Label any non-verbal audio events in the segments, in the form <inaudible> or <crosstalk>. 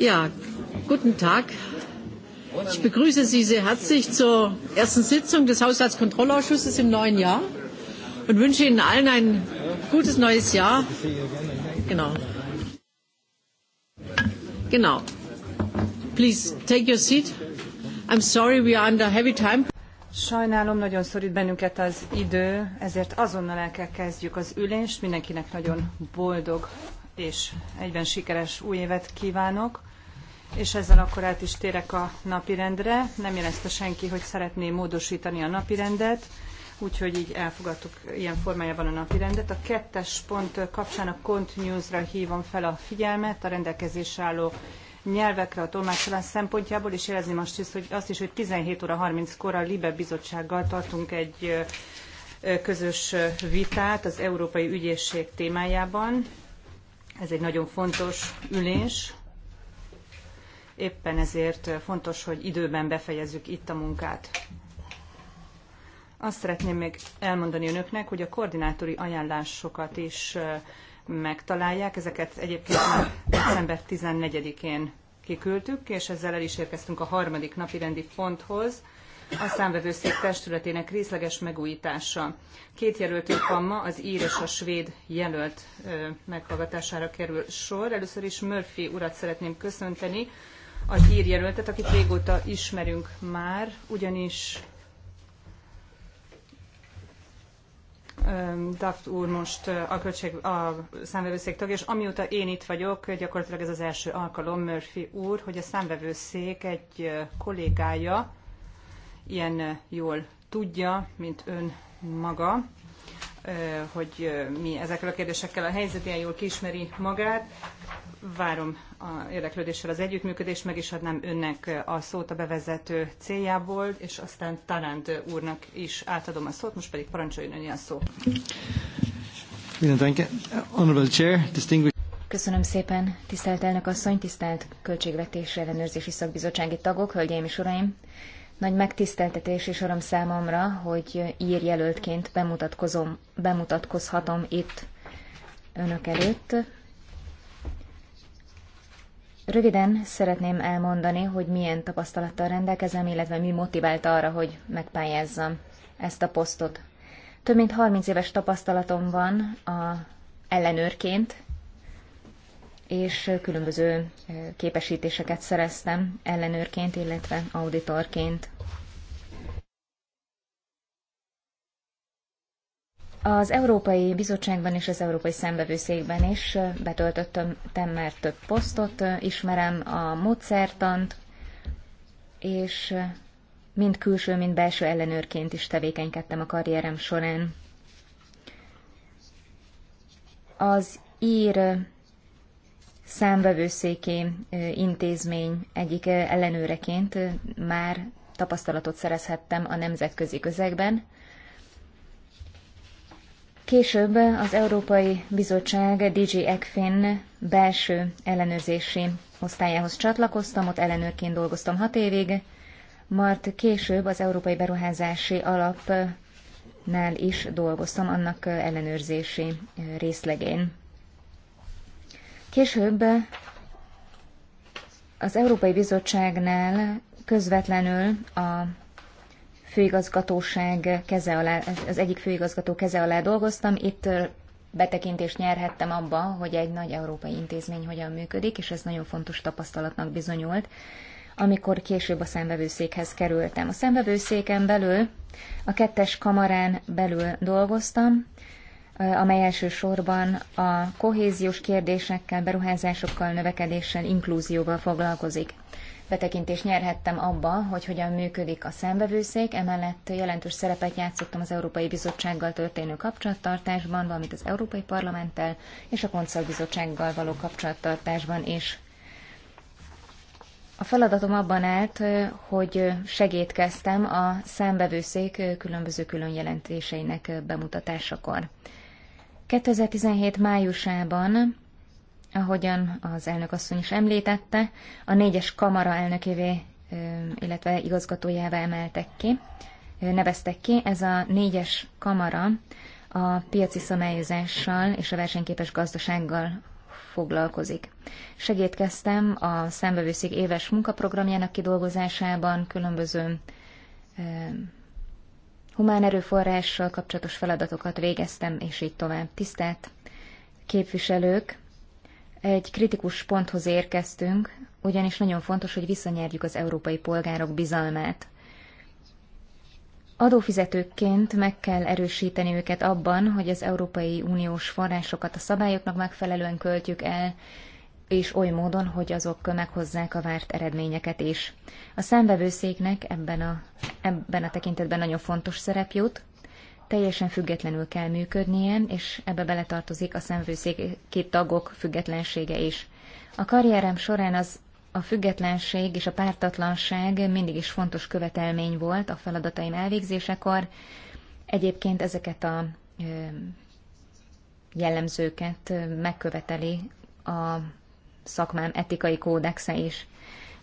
Ja, guten Tag. Ich begrüße Sie sehr herzlich zur ersten Sitzung des Haushaltskontrollausschusses im neuen Jahr und wünsche Ihnen allen ein gutes neues Jahr. Genau. Genau. Please take your seat. I'm sorry we are under heavy time. Sajnálom, nagyon szorít bennünket az idő, ezért azonnal el kell kezdjük az ülést. Mindenkinek nagyon boldog és egyben sikeres új évet kívánok. És ezzel akkor át is térek a napirendre. Nem jelezte senki, hogy szeretné módosítani a napirendet, úgyhogy így elfogadtuk ilyen formájában a napirendet. A kettes pont kapcsán a Cont News-ra hívom fel a figyelmet, a rendelkezésre álló nyelvekre a tolmácsolás szempontjából, és jelezni most is, hogy, azt is, hogy 17 óra 30-kor a Libe Bizottsággal tartunk egy közös vitát az Európai Ügyészség témájában. Ez egy nagyon fontos ülés, éppen ezért fontos, hogy időben befejezzük itt a munkát. Azt szeretném még elmondani önöknek, hogy a koordinátori ajánlásokat is megtalálják. Ezeket egyébként már december 14-én kiküldtük, és ezzel el is érkeztünk a harmadik napi rendi ponthoz, a számvevőszék testületének részleges megújítása. Két jelöltünk van ma, az ír és a svéd jelölt meghallgatására kerül sor. Először is Murphy urat szeretném köszönteni, a hírjelöltet, akit régóta ismerünk már, ugyanis Daft úr most a, költség, a számvevőszék tagja, és amióta én itt vagyok, gyakorlatilag ez az első alkalom, Murphy úr, hogy a számvevőszék egy kollégája ilyen jól tudja, mint ön maga, hogy mi ezekkel a kérdésekkel a helyzet, ilyen jól kismeri magát. Várom a érdeklődéssel az együttműködést, meg is adnám önnek a szót a bevezető céljából, és aztán Tarant úrnak is átadom a szót, most pedig parancsoljon önni a szó. Köszönöm szépen, tisztelt elnök asszony, tisztelt Költségvetés Ellenőrzési Szakbizottsági tagok, hölgyeim és uraim! Nagy megtiszteltetés és öröm számomra, hogy írjelöltként bemutatkozom, bemutatkozhatom itt önök előtt. Röviden szeretném elmondani, hogy milyen tapasztalattal rendelkezem, illetve mi motivált arra, hogy megpályázzam ezt a posztot. Több mint 30 éves tapasztalatom van a ellenőrként, és különböző képesítéseket szereztem ellenőrként, illetve auditorként. Az Európai Bizottságban és az Európai Szembevőszékben is betöltöttem már több posztot, ismerem a módszertant, és mind külső, mind belső ellenőrként is tevékenykedtem a karrierem során. Az ír számvevőszéki intézmény egyik ellenőreként már tapasztalatot szerezhettem a nemzetközi közegben, Később az Európai Bizottság DG ECFIN belső ellenőrzési osztályához csatlakoztam, ott ellenőrként dolgoztam hat évig, majd később az Európai Beruházási Alapnál is dolgoztam annak ellenőrzési részlegén. Később az Európai Bizottságnál közvetlenül a főigazgatóság keze alá, az egyik főigazgató keze alá dolgoztam. Itt betekintést nyerhettem abba, hogy egy nagy európai intézmény hogyan működik, és ez nagyon fontos tapasztalatnak bizonyult, amikor később a szembevőszékhez kerültem. A szembevőszéken belül, a kettes kamarán belül dolgoztam, amely elsősorban a kohéziós kérdésekkel, beruházásokkal, növekedéssel, inklúzióval foglalkozik betekintést nyerhettem abba, hogy hogyan működik a szembevőszék, emellett jelentős szerepet játszottam az Európai Bizottsággal történő kapcsolattartásban, valamint az Európai Parlamenttel és a Koncertbizottsággal való kapcsolattartásban is. A feladatom abban állt, hogy segítkeztem a számbevőszék különböző külön jelentéseinek bemutatásakor. 2017 májusában ahogyan az elnök asszony is említette, a négyes kamara elnökévé, illetve igazgatójává emeltek ki, neveztek ki. Ez a négyes kamara a piaci szabályozással és a versenyképes gazdasággal foglalkozik. Segítkeztem a számbevőszék éves munkaprogramjának kidolgozásában, különböző humán erőforrással kapcsolatos feladatokat végeztem, és így tovább. Tisztelt képviselők, egy kritikus ponthoz érkeztünk, ugyanis nagyon fontos, hogy visszanyerjük az európai polgárok bizalmát. Adófizetőkként meg kell erősíteni őket abban, hogy az Európai Uniós forrásokat a szabályoknak megfelelően költjük el, és oly módon, hogy azok meghozzák a várt eredményeket is. A számbevőszéknek ebben a, ebben a tekintetben nagyon fontos szerep jut, teljesen függetlenül kell működnie, és ebbe beletartozik a két tagok függetlensége is. A karrierem során az a függetlenség és a pártatlanság mindig is fontos követelmény volt a feladataim elvégzésekor. Egyébként ezeket a jellemzőket megköveteli a szakmám etikai kódexe is.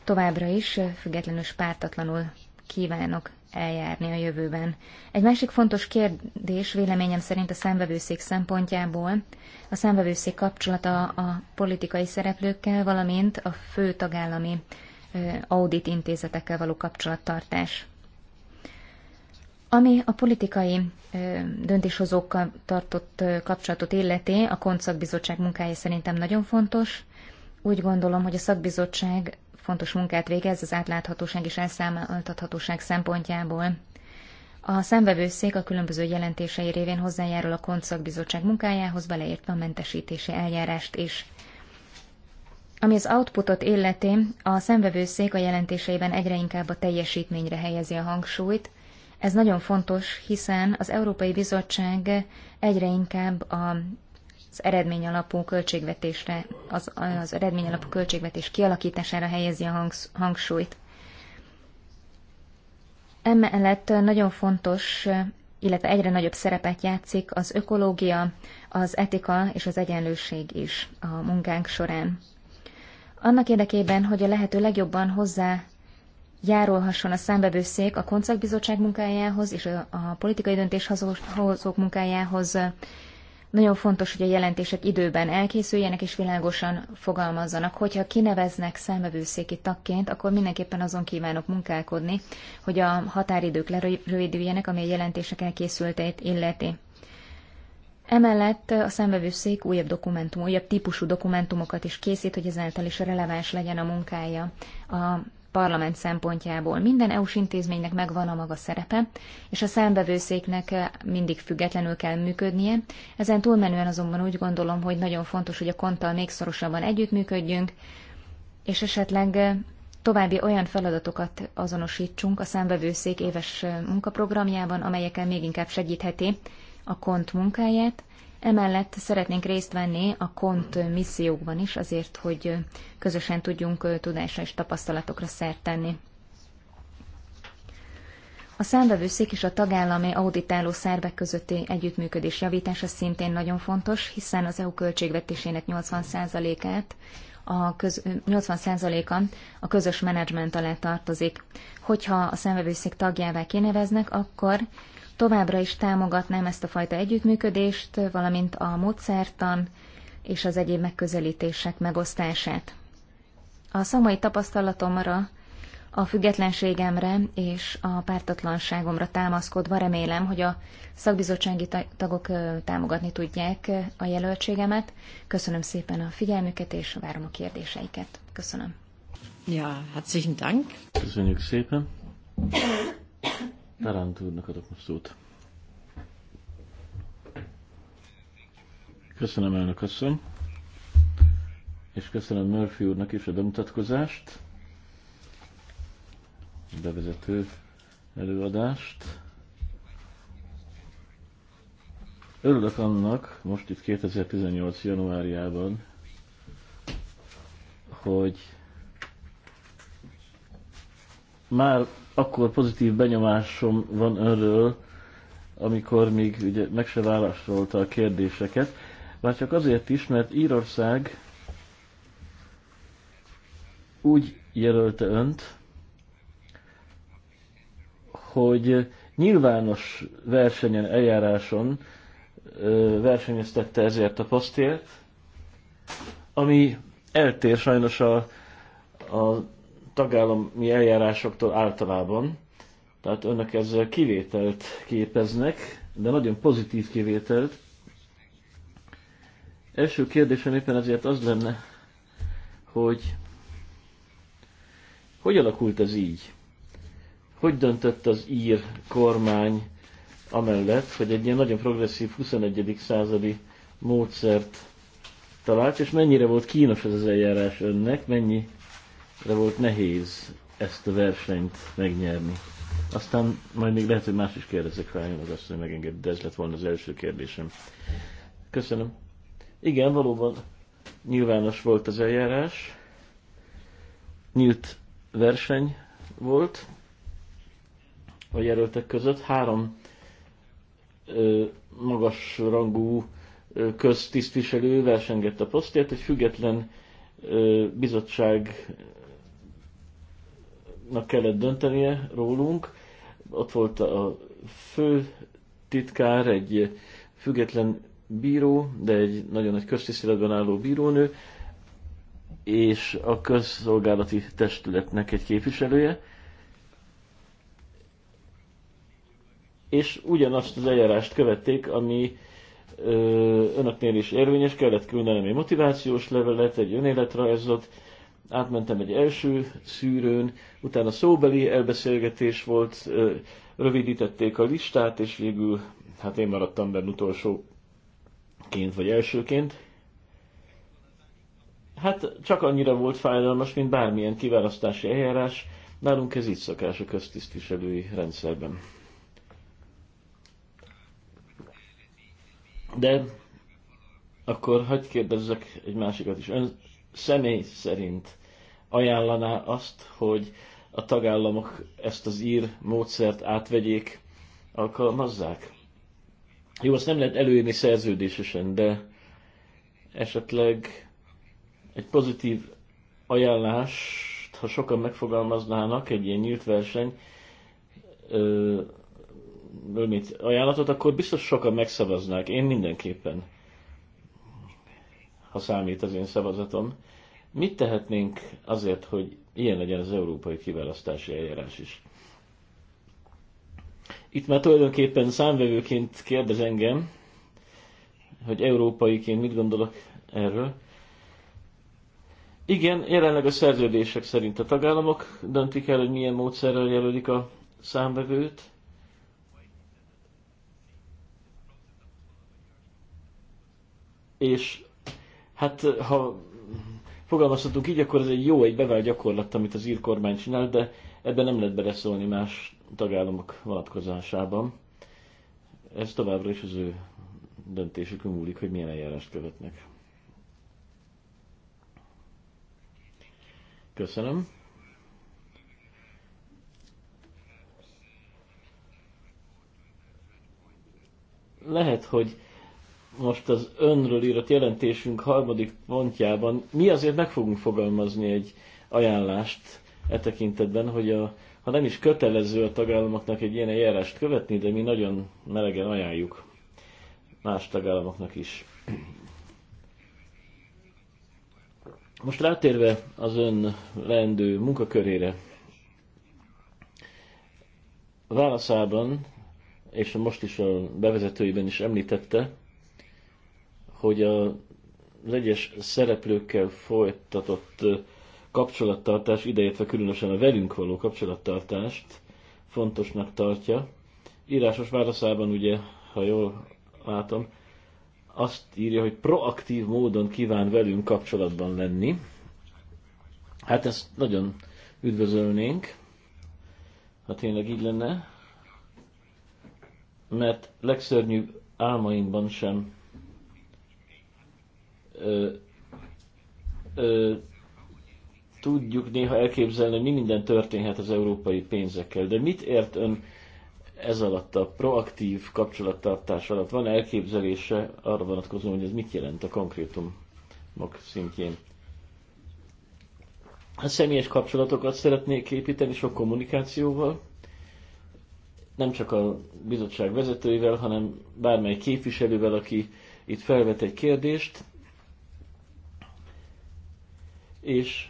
Továbbra is függetlenül és pártatlanul kívánok eljárni a jövőben. Egy másik fontos kérdés véleményem szerint a számvevőszék szempontjából a számvevőszék kapcsolata a politikai szereplőkkel, valamint a fő tagállami audit intézetekkel való kapcsolattartás. Ami a politikai döntéshozókkal tartott kapcsolatot illeti, a Koncakbizottság munkája szerintem nagyon fontos. Úgy gondolom, hogy a szakbizottság fontos munkát végez az átláthatóság és elszámoltathatóság szempontjából. A szemvevőszék a különböző jelentései révén hozzájárul a Kontszakbizottság munkájához, beleértve a mentesítési eljárást is. Ami az outputot illeti, a szemvevőszék a jelentéseiben egyre inkább a teljesítményre helyezi a hangsúlyt. Ez nagyon fontos, hiszen az Európai Bizottság egyre inkább a az eredmény alapú költségvetésre, az, az eredmény alapú költségvetés kialakítására helyezi a hangs, hangsúlyt. Emellett nagyon fontos, illetve egyre nagyobb szerepet játszik az ökológia, az etika és az egyenlőség is a munkánk során. Annak érdekében, hogy a lehető legjobban hozzá járulhasson a számbevőszék a koncertbizottság munkájához és a, a politikai döntéshozók munkájához, nagyon fontos, hogy a jelentések időben elkészüljenek és világosan fogalmazzanak. Hogyha kineveznek számövőszéki tagként, akkor mindenképpen azon kívánok munkálkodni, hogy a határidők lerövidüljenek, ami a jelentések elkészültét illeti. Emellett a számvevőszék újabb dokumentum, újabb típusú dokumentumokat is készít, hogy ezáltal is releváns legyen a munkája a parlament szempontjából. Minden EU-s intézménynek megvan a maga szerepe, és a számbevőszéknek eh, mindig függetlenül kell működnie. Ezen túlmenően azonban úgy gondolom, hogy nagyon fontos, hogy a konttal még szorosabban együttműködjünk, és esetleg eh, további olyan feladatokat azonosítsunk a számbevőszék éves eh, munkaprogramjában, amelyekkel még inkább segítheti a kont munkáját, Emellett szeretnénk részt venni a KONT missziókban is, azért, hogy közösen tudjunk tudásra és tapasztalatokra szert tenni. A számvevőszék és a tagállami auditáló szervek közötti együttműködés javítása szintén nagyon fontos, hiszen az EU költségvetésének 80%-át a köz, 80%-a a közös menedzsment alá tartozik. Hogyha a számvevőszék tagjává kineveznek, akkor Továbbra is támogatnám ezt a fajta együttműködést, valamint a módszertan és az egyéb megközelítések megosztását. A szamai tapasztalatomra, a függetlenségemre és a pártatlanságomra támaszkodva remélem, hogy a szakbizottsági tagok támogatni tudják a jelöltségemet. Köszönöm szépen a figyelmüket, és várom a kérdéseiket. Köszönöm. Ja, herzlichen Dank. Köszönjük szépen. Tarant úrnak adok most szót. Köszönöm elnök asszony, és köszönöm Murphy úrnak is a bemutatkozást, a bevezető előadást. Örülök annak, most itt 2018. januárjában, hogy már akkor pozitív benyomásom van önről, amikor még ugye meg se válaszolta a kérdéseket, már csak azért is, mert Írország úgy jelölte önt, hogy nyilvános versenyen, eljáráson versenyeztette ezért a posztért, ami eltér sajnos a, a tagállami eljárásoktól általában. Tehát önök ezzel kivételt képeznek, de nagyon pozitív kivételt. Első kérdésem éppen ezért az lenne, hogy hogy alakult ez így? Hogy döntött az ír kormány amellett, hogy egy ilyen nagyon progresszív 21. századi módszert talált, és mennyire volt kínos ez az eljárás önnek, mennyi de volt nehéz ezt a versenyt megnyerni. Aztán majd még lehet, hogy más is kérdezek rá, én az azt, hogy megenged, de ez lett volna az első kérdésem. Köszönöm. Igen, valóban nyilvános volt az eljárás, nyílt verseny volt a jelöltek között, három ö, magas rangú ö, köztisztviselő versengett a posztért, egy független ö, bizottság kellett döntenie rólunk. Ott volt a fő titkár, egy független bíró, de egy nagyon nagy köztiszteletben álló bírónő, és a közszolgálati testületnek egy képviselője. És ugyanazt az eljárást követték, ami ö, önöknél is érvényes, kellett küldenem egy motivációs levelet, egy önéletrajzot, átmentem egy első szűrőn, utána szóbeli elbeszélgetés volt, rövidítették a listát, és végül hát én maradtam benne utolsóként vagy elsőként. Hát csak annyira volt fájdalmas, mint bármilyen kiválasztási eljárás, nálunk ez így szokás a köztisztviselői rendszerben. De akkor hagyd kérdezzek egy másikat is. Ön személy szerint ajánlaná azt, hogy a tagállamok ezt az ír módszert átvegyék, alkalmazzák? Jó, azt nem lehet előírni szerződésesen, de esetleg egy pozitív ajánlást, ha sokan megfogalmaznának egy ilyen nyílt verseny, ö, ajánlatot, akkor biztos sokan megszavaznák. Én mindenképpen ha számít az én szavazatom. Mit tehetnénk azért, hogy ilyen legyen az európai kiválasztási eljárás is? Itt már tulajdonképpen számvevőként kérdez engem, hogy európaiként mit gondolok erről. Igen, jelenleg a szerződések szerint a tagállamok döntik el, hogy milyen módszerrel jelölik a számvevőt. És Hát ha fogalmazhatunk így, akkor ez egy jó, egy bevált gyakorlat, amit az ír kormány csinál, de ebben nem lehet beleszólni más tagállamok vonatkozásában. Ez továbbra is az ő döntésükön múlik, hogy milyen eljárást követnek. Köszönöm. Lehet, hogy most az önről írott jelentésünk harmadik pontjában mi azért meg fogunk fogalmazni egy ajánlást e tekintetben, hogy a, ha nem is kötelező a tagállamoknak egy ilyen eljárást követni, de mi nagyon melegen ajánljuk más tagállamoknak is. Most rátérve az ön leendő munkakörére, válaszában, és most is a bevezetőiben is említette, hogy a legyes szereplőkkel folytatott kapcsolattartás, idejétve különösen a velünk való kapcsolattartást fontosnak tartja. Írásos válaszában ugye, ha jól látom, azt írja, hogy proaktív módon kíván velünk kapcsolatban lenni. Hát ezt nagyon üdvözölnénk, ha tényleg így lenne, mert legszörnyűbb álmainkban sem ö, ö, tudjuk néha elképzelni, hogy mi minden történhet az európai pénzekkel. De mit ért ön ez alatt a proaktív kapcsolattartás alatt? Van elképzelése arra vonatkozóan, hogy ez mit jelent a konkrétumok szintjén? A személyes kapcsolatokat szeretnék építeni sok kommunikációval, nem csak a bizottság vezetőivel, hanem bármely képviselővel, aki itt felvet egy kérdést, és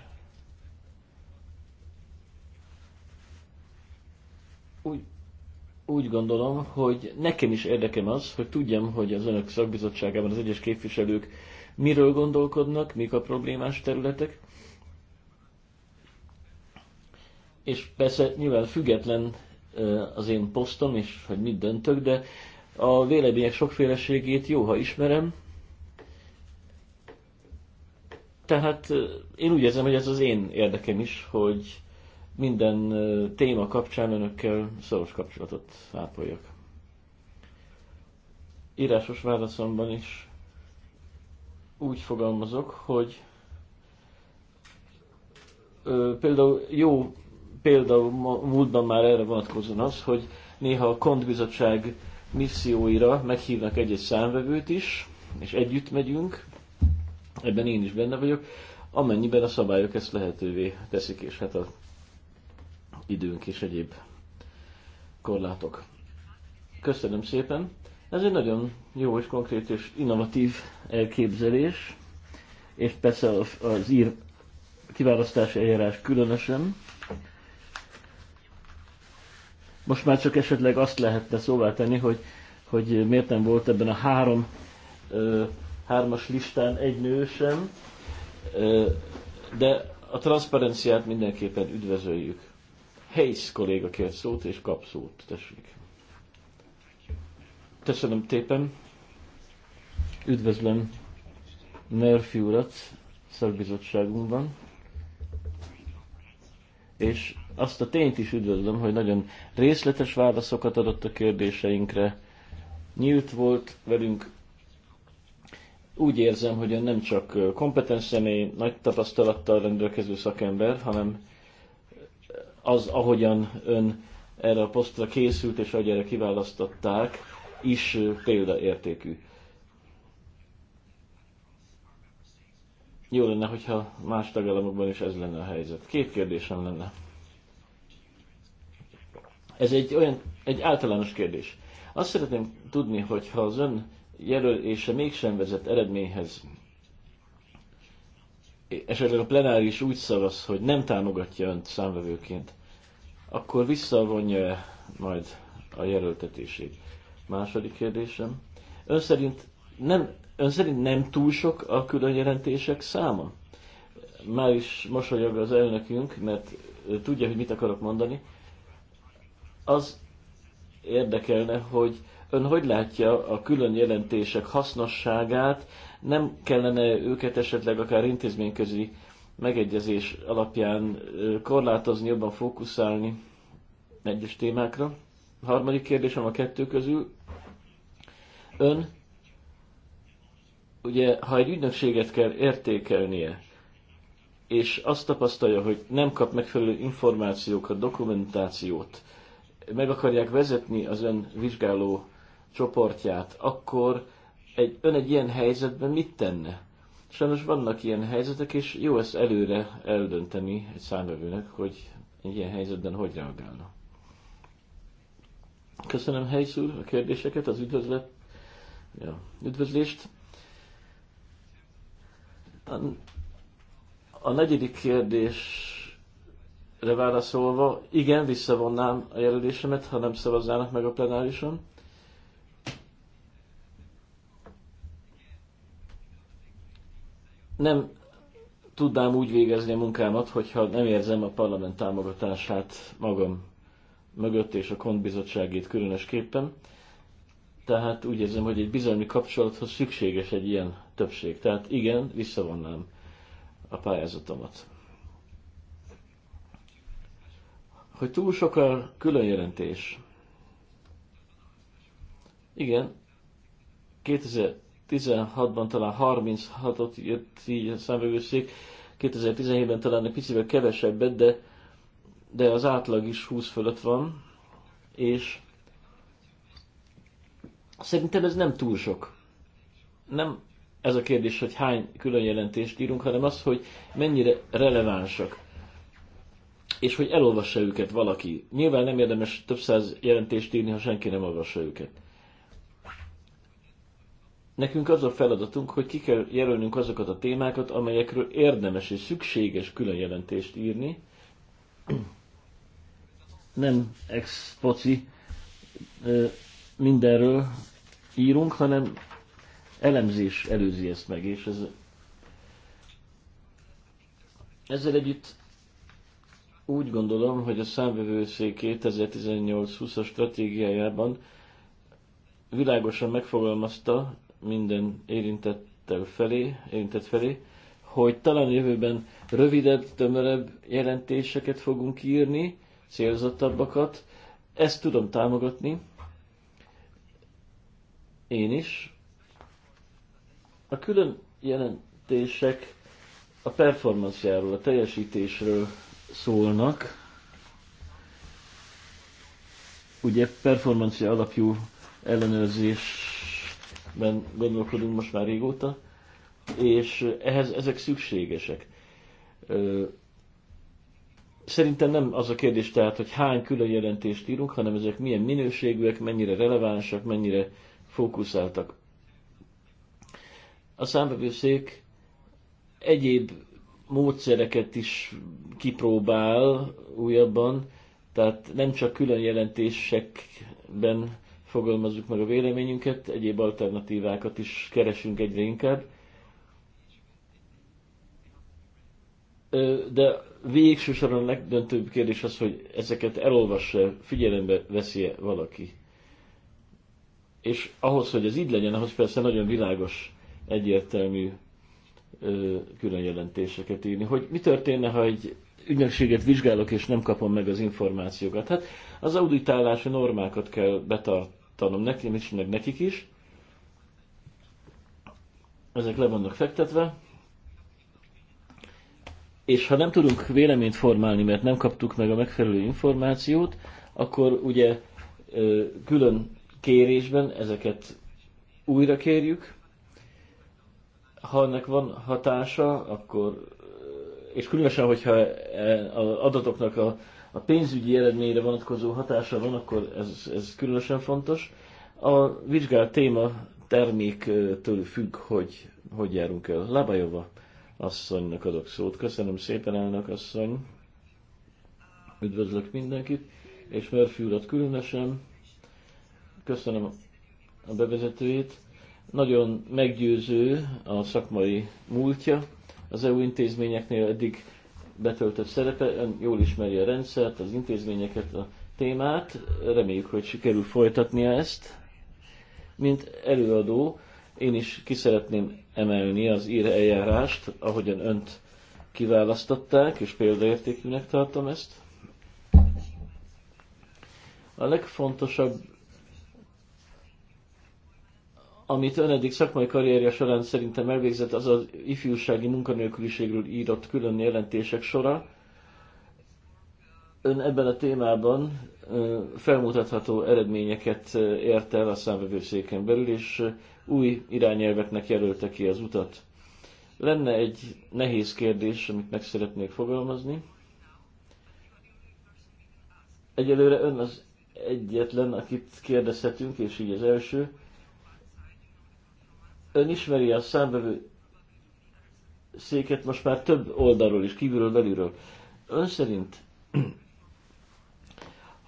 úgy, úgy gondolom, hogy nekem is érdekem az, hogy tudjam, hogy az önök szakbizottságában az egyes képviselők miről gondolkodnak, mik a problémás területek, és persze nyilván független az én posztom, és hogy mit döntök, de a vélemények sokféleségét jó, ha ismerem, tehát én úgy érzem, hogy ez az én érdekem is, hogy minden téma kapcsán önökkel szoros kapcsolatot ápoljak. Írásos válaszomban is úgy fogalmazok, hogy ö, például jó példa múltban már erre vonatkozóan az, hogy néha a kontbizottság misszióira meghívnak egy-egy számvevőt is, és együtt megyünk, ebben én is benne vagyok, amennyiben a szabályok ezt lehetővé teszik, és hát a időnk és egyéb korlátok. Köszönöm szépen! Ez egy nagyon jó és konkrét és innovatív elképzelés, és persze az ír kiválasztási eljárás különösen. Most már csak esetleg azt lehetne szóvá tenni, hogy, hogy miért nem volt ebben a három ö, hármas listán egy nő sem, de a transzparenciát mindenképpen üdvözöljük. Hayes kolléga kért szót, és kap szót, tessék. Köszönöm tépen. Üdvözlöm Murphy urat szakbizottságunkban. És azt a tényt is üdvözlöm, hogy nagyon részletes válaszokat adott a kérdéseinkre. Nyílt volt velünk úgy érzem, hogy ön nem csak kompetens személy, nagy tapasztalattal rendelkező szakember, hanem az, ahogyan ön erre a posztra készült és ahogy erre kiválasztották, is példaértékű. Jó lenne, hogyha más tagállamokban is ez lenne a helyzet. Két kérdésem lenne. Ez egy olyan, egy általános kérdés. Azt szeretném tudni, hogy ha az ön jelölése mégsem vezet eredményhez, esetleg a plenáris úgy szavaz, hogy nem támogatja önt számvevőként, akkor visszavonja majd a jelöltetését. Második kérdésem. Ön szerint nem, ön szerint nem túl sok a külön jelentések száma? Már is mosolyog az elnökünk, mert tudja, hogy mit akarok mondani. Az érdekelne, hogy Ön hogy látja a külön jelentések hasznosságát? Nem kellene őket esetleg akár intézményközi megegyezés alapján korlátozni, jobban fókuszálni egyes témákra? A harmadik kérdésem a kettő közül. Ön, ugye, ha egy ügynökséget kell értékelnie, és azt tapasztalja, hogy nem kap megfelelő információkat, dokumentációt, meg akarják vezetni az ön vizsgáló csoportját, akkor egy, ön egy ilyen helyzetben mit tenne? Sajnos vannak ilyen helyzetek, és jó ezt előre eldönteni egy számvevőnek, hogy egy ilyen helyzetben hogy reagálna. Köszönöm, helyszúr, a kérdéseket, az üdvözlet, ja, üdvözlést. A, a negyedik kérdésre válaszolva, igen, visszavonnám a jelölésemet, ha nem szavazzának meg a plenárison. nem tudnám úgy végezni a munkámat, hogyha nem érzem a parlament támogatását magam mögött és a kontbizottságét különösképpen. Tehát úgy érzem, hogy egy bizalmi kapcsolathoz szükséges egy ilyen többség. Tehát igen, visszavonnám a pályázatomat. Hogy túl sok a jelentés? Igen, 2000 2016 ban talán 36-ot jött így a számvevőszék, 2017-ben talán egy picivel kevesebbet, de, de az átlag is 20 fölött van, és szerintem ez nem túl sok. Nem ez a kérdés, hogy hány külön jelentést írunk, hanem az, hogy mennyire relevánsak és hogy elolvassa őket valaki. Nyilván nem érdemes több száz jelentést írni, ha senki nem olvassa őket. Nekünk az a feladatunk, hogy ki kell jelölnünk azokat a témákat, amelyekről érdemes és szükséges külön jelentést írni. Nem expoci mindenről írunk, hanem elemzés előzi ezt meg, és ez, ezzel együtt úgy gondolom, hogy a számvevőszék 2018-20-as stratégiájában világosan megfogalmazta minden érintett felé, érintett felé, hogy talán jövőben rövidebb, tömörebb jelentéseket fogunk írni, célzottabbakat. Ezt tudom támogatni. Én is. A külön jelentések a performanciáról, a teljesítésről szólnak. Ugye performancia alapjú ellenőrzés ben gondolkodunk most már régóta, és ehhez ezek szükségesek. Szerintem nem az a kérdés tehát, hogy hány külön jelentést írunk, hanem ezek milyen minőségűek, mennyire relevánsak, mennyire fókuszáltak. A számbevőszék egyéb módszereket is kipróbál újabban, tehát nem csak külön jelentésekben fogalmazzuk meg a véleményünket, egyéb alternatívákat is keresünk egyre inkább. De végső soron a legdöntőbb kérdés az, hogy ezeket elolvassa, figyelembe veszi-e valaki. És ahhoz, hogy ez így legyen, ahhoz persze nagyon világos, egyértelmű külön jelentéseket írni. Hogy mi történne, ha egy ügynökséget vizsgálok, és nem kapom meg az információkat. Hát az auditálási normákat kell betart, tanom nekem is, meg nekik is. Ezek le vannak fektetve. És ha nem tudunk véleményt formálni, mert nem kaptuk meg a megfelelő információt, akkor ugye külön kérésben ezeket újra kérjük. Ha ennek van hatása, akkor és különösen, hogyha e, az adatoknak a a pénzügyi eredményre vonatkozó hatása van, akkor ez, ez különösen fontos. A vizsgált téma terméktől függ, hogy hogy járunk el. Labajova asszonynak adok szót. Köszönöm szépen, elnök asszony. Üdvözlök mindenkit, és Murphy urat különösen. Köszönöm a bevezetőjét. Nagyon meggyőző a szakmai múltja az EU intézményeknél eddig betöltött szerepe, ön jól ismeri a rendszert, az intézményeket, a témát, reméljük, hogy sikerül folytatnia ezt. Mint előadó, én is ki szeretném emelni az ír eljárást, ahogyan önt kiválasztották, és példaértékűnek tartom ezt. A legfontosabb amit ön eddig szakmai karrierje során szerintem elvégzett, az az ifjúsági munkanélküliségről írott külön jelentések sora. Ön ebben a témában felmutatható eredményeket ért el a számvevőszéken belül, és új irányelveknek jelölte ki az utat. Lenne egy nehéz kérdés, amit meg szeretnék fogalmazni. Egyelőre ön az egyetlen, akit kérdezhetünk, és így az első ön ismeri a számbevő széket most már több oldalról is, kívülről, belülről. Ön szerint, <clears throat>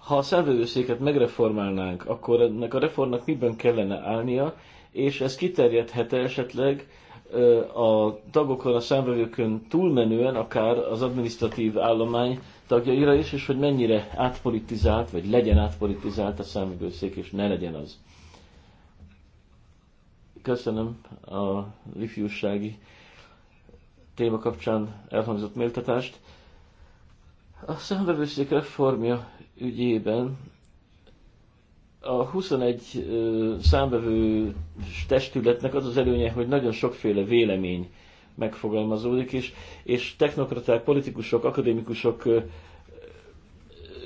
ha a széket megreformálnánk, akkor ennek a reformnak miben kellene állnia, és ez kiterjedhet -e esetleg a tagokon, a számvevőkön túlmenően akár az adminisztratív állomány tagjaira is, és hogy mennyire átpolitizált, vagy legyen átpolitizált a számvevőszék, és ne legyen az. Köszönöm a ifjúsági téma kapcsán elhangzott méltatást. A szemvevőszék reformja ügyében a 21 számvevő testületnek az az előnye, hogy nagyon sokféle vélemény megfogalmazódik, és, és technokraták, politikusok, akadémikusok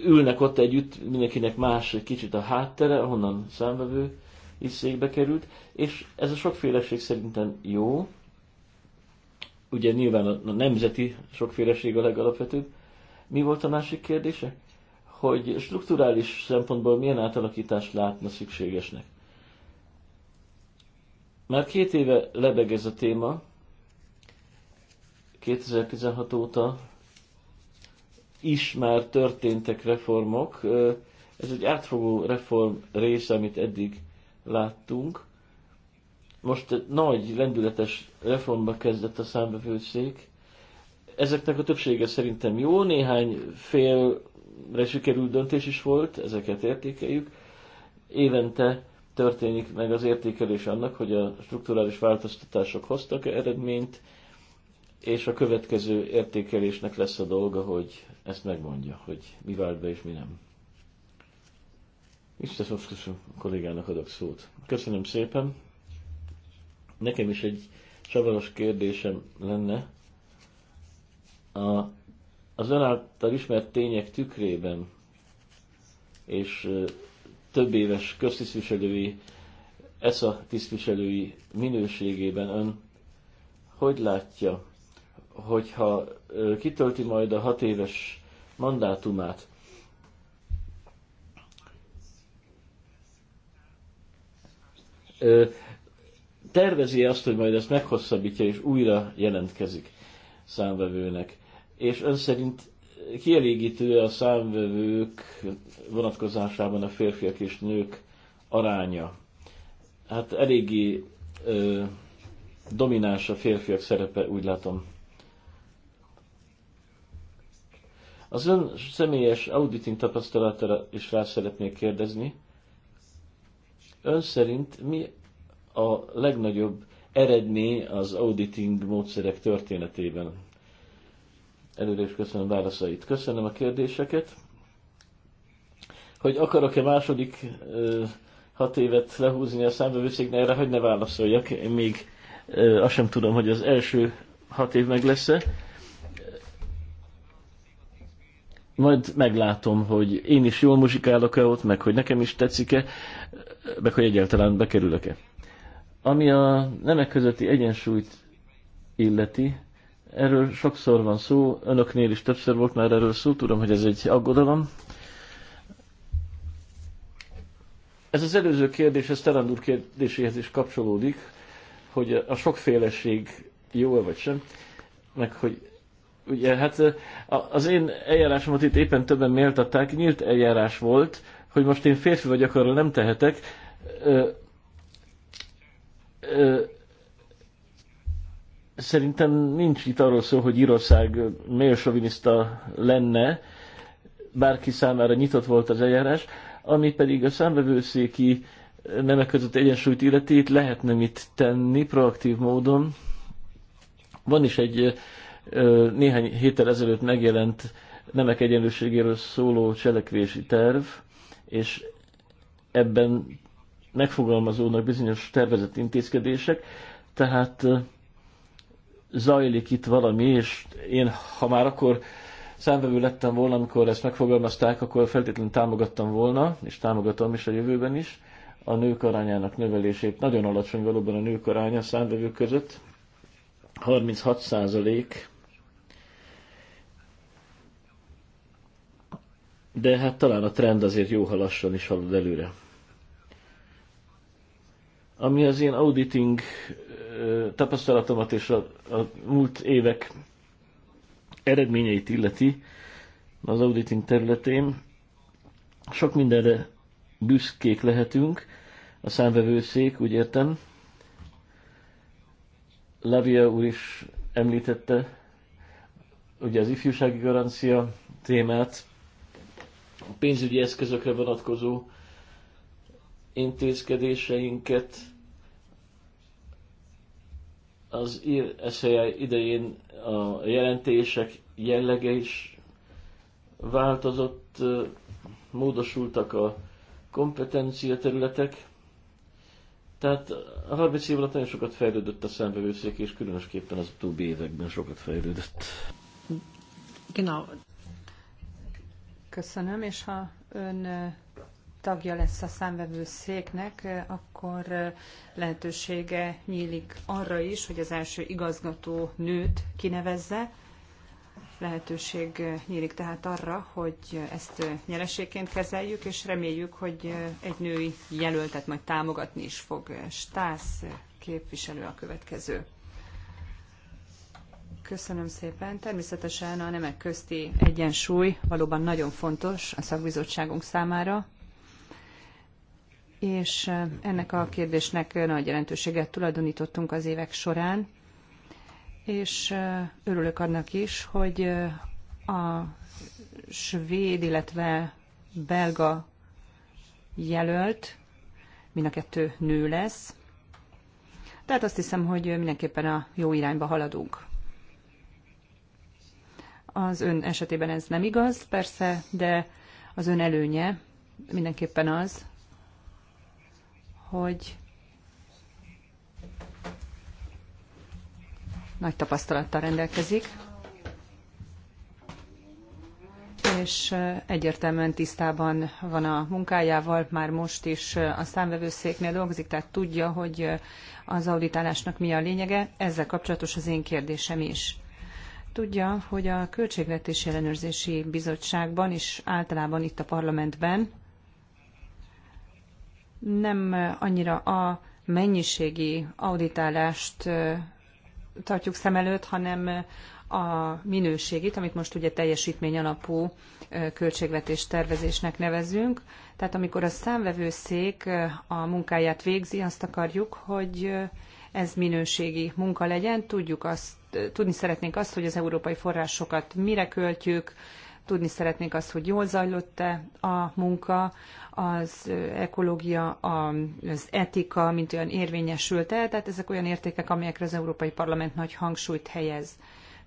ülnek ott együtt, mindenkinek más egy kicsit a háttere, ahonnan számvevő is székbe került, és ez a sokféleség szerintem jó. Ugye nyilván a, a nemzeti sokféleség a legalapvetőbb. Mi volt a másik kérdése? Hogy strukturális szempontból milyen átalakítást látna szükségesnek. Már két éve lebeg ez a téma, 2016 óta is már történtek reformok. Ez egy átfogó reform része, amit eddig láttunk. Most egy nagy, lendületes reformba kezdett a számbevőszék. Ezeknek a többsége szerintem jó, néhány félre sikerült döntés is volt, ezeket értékeljük. Évente történik meg az értékelés annak, hogy a strukturális változtatások hoztak-e eredményt, és a következő értékelésnek lesz a dolga, hogy ezt megmondja, hogy mi vált be és mi nem. Biztos kollégának adok szót. Köszönöm szépen. Nekem is egy csavaros kérdésem lenne. A, az ön által ismert tények tükrében és több éves köztisztviselői, ESZA tisztviselői minőségében ön hogy látja, hogyha kitölti majd a hat éves mandátumát, tervezi azt, hogy majd ezt meghosszabbítja, és újra jelentkezik számvevőnek. És ön szerint kielégítő a számvevők vonatkozásában a férfiak és nők aránya. Hát eléggé ö, domináns a férfiak szerepe, úgy látom. Az ön személyes auditing tapasztalatára is rá szeretnék kérdezni. Ön szerint mi a legnagyobb eredmény az auditing módszerek történetében? Előre is köszönöm válaszait. Köszönöm a kérdéseket. Hogy akarok-e második ö, hat évet lehúzni a számbevőszéknél, erre hogy ne válaszoljak. Én még ö, azt sem tudom, hogy az első hat év meg lesz-e. Majd meglátom, hogy én is jól muzsikálok-e ott, meg hogy nekem is tetszik-e meg hogy egyáltalán bekerülök-e. Ami a nemek közötti egyensúlyt illeti, erről sokszor van szó, önöknél is többször volt már erről szó, tudom, hogy ez egy aggodalom. Ez az előző kérdés, ez Terend úr kérdéséhez is kapcsolódik, hogy a sokféleség jó-e vagy sem, meg hogy ugye hát az én eljárásomat itt éppen többen méltatták, nyílt eljárás volt, hogy most én férfi vagyok, arról nem tehetek. Ö, ö, szerintem nincs itt arról szó, hogy Írország mélsoviniszta lenne, bárki számára nyitott volt az eljárás, ami pedig a számbevőszéki nemek között egyensúlyt illeti, itt lehetne mit tenni proaktív módon. Van is egy néhány héttel ezelőtt megjelent nemek egyenlőségéről szóló cselekvési terv, és ebben megfogalmazódnak bizonyos tervezett intézkedések, tehát zajlik itt valami, és én, ha már akkor számvevő lettem volna, amikor ezt megfogalmazták, akkor feltétlenül támogattam volna, és támogatom is a jövőben is, a nők arányának növelését. Nagyon alacsony valóban a nők aránya számvevők között, 36 százalék de hát talán a trend azért jó, ha lassan is halad előre. Ami az én auditing tapasztalatomat és a, a múlt évek eredményeit illeti az auditing területén, sok mindenre büszkék lehetünk, a számvevőszék, úgy értem. Lavia úr is említette ugye az ifjúsági garancia témát, pénzügyi eszközökre vonatkozó intézkedéseinket az ír esélye idején a jelentések jellege is változott, módosultak a kompetencia területek, tehát a 30 év alatt nagyon sokat fejlődött a szembevőszék, és különösképpen az utóbbi években sokat fejlődött. Genau. Köszönöm, és ha ön tagja lesz a széknek, akkor lehetősége nyílik arra is, hogy az első igazgató nőt kinevezze. Lehetőség nyílik tehát arra, hogy ezt nyereségként kezeljük, és reméljük, hogy egy női jelöltet majd támogatni is fog. Stász képviselő a következő. Köszönöm szépen. Természetesen a nemek közti egyensúly valóban nagyon fontos a szakbizottságunk számára, és ennek a kérdésnek nagy jelentőséget tulajdonítottunk az évek során, és örülök annak is, hogy a svéd, illetve belga jelölt, mind a kettő nő lesz. Tehát azt hiszem, hogy mindenképpen a jó irányba haladunk. Az ön esetében ez nem igaz, persze, de az ön előnye mindenképpen az, hogy nagy tapasztalattal rendelkezik, és egyértelműen tisztában van a munkájával, már most is a számvevőszéknél dolgozik, tehát tudja, hogy az auditálásnak mi a lényege. Ezzel kapcsolatos az én kérdésem is. Tudja, hogy a Költségvetési Ellenőrzési Bizottságban és általában itt a parlamentben nem annyira a mennyiségi auditálást tartjuk szem előtt, hanem a minőségét, amit most ugye teljesítmény alapú költségvetés tervezésnek nevezünk. Tehát amikor a számvevőszék a munkáját végzi, azt akarjuk, hogy ez minőségi munka legyen. Tudjuk azt, tudni szeretnénk azt, hogy az európai forrásokat mire költjük, tudni szeretnénk azt, hogy jól zajlott-e a munka, az ökológia, az etika, mint olyan érvényesült-e, tehát ezek olyan értékek, amelyekre az Európai Parlament nagy hangsúlyt helyez.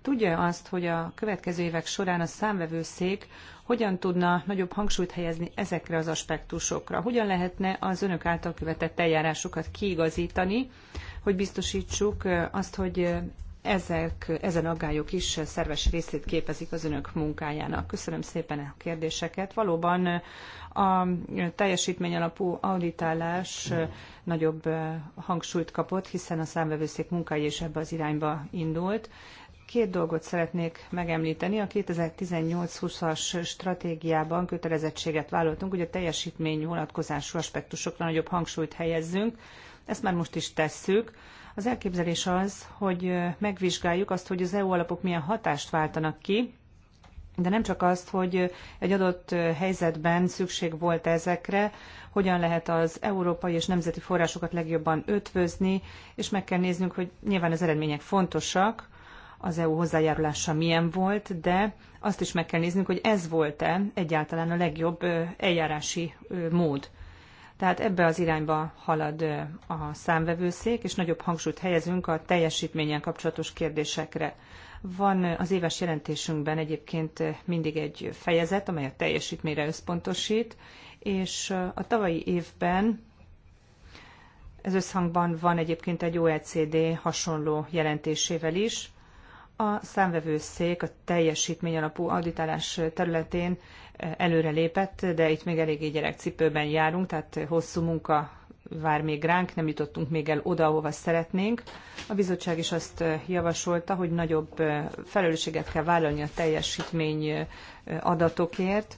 Tudja azt, hogy a következő évek során a számvevőszék hogyan tudna nagyobb hangsúlyt helyezni ezekre az aspektusokra? Hogyan lehetne az önök által követett eljárásokat kiigazítani hogy biztosítsuk azt, hogy ezek, ezen aggályok is szerves részét képezik az önök munkájának. Köszönöm szépen a kérdéseket. Valóban a teljesítmény alapú auditálás nagyobb hangsúlyt kapott, hiszen a számvevőszék munkája is ebbe az irányba indult. Két dolgot szeretnék megemlíteni. A 2018-20-as stratégiában kötelezettséget vállaltunk, hogy a teljesítmény vonatkozású aspektusokra nagyobb hangsúlyt helyezzünk ezt már most is tesszük. Az elképzelés az, hogy megvizsgáljuk azt, hogy az EU alapok milyen hatást váltanak ki, de nem csak azt, hogy egy adott helyzetben szükség volt ezekre, hogyan lehet az európai és nemzeti forrásokat legjobban ötvözni, és meg kell néznünk, hogy nyilván az eredmények fontosak, az EU hozzájárulása milyen volt, de azt is meg kell néznünk, hogy ez volt-e egyáltalán a legjobb eljárási mód. Tehát ebbe az irányba halad a számvevőszék, és nagyobb hangsúlyt helyezünk a teljesítményen kapcsolatos kérdésekre. Van az éves jelentésünkben egyébként mindig egy fejezet, amely a teljesítményre összpontosít, és a tavalyi évben ez összhangban van egyébként egy OECD hasonló jelentésével is. A számvevőszék a teljesítmény alapú auditálás területén előre lépett, de itt még eléggé gyerekcipőben járunk, tehát hosszú munka vár még ránk, nem jutottunk még el oda, ahova szeretnénk. A bizottság is azt javasolta, hogy nagyobb felelősséget kell vállalni a teljesítmény adatokért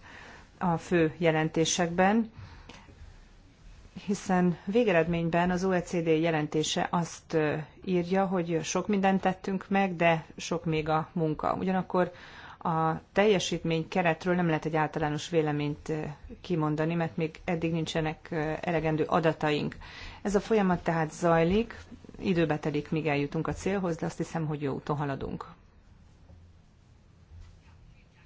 a fő jelentésekben, hiszen végeredményben az OECD jelentése azt írja, hogy sok mindent tettünk meg, de sok még a munka. Ugyanakkor a teljesítmény keretről nem lehet egy általános véleményt kimondani, mert még eddig nincsenek elegendő adataink. Ez a folyamat tehát zajlik, időbe telik, míg eljutunk a célhoz, de azt hiszem, hogy jó úton haladunk.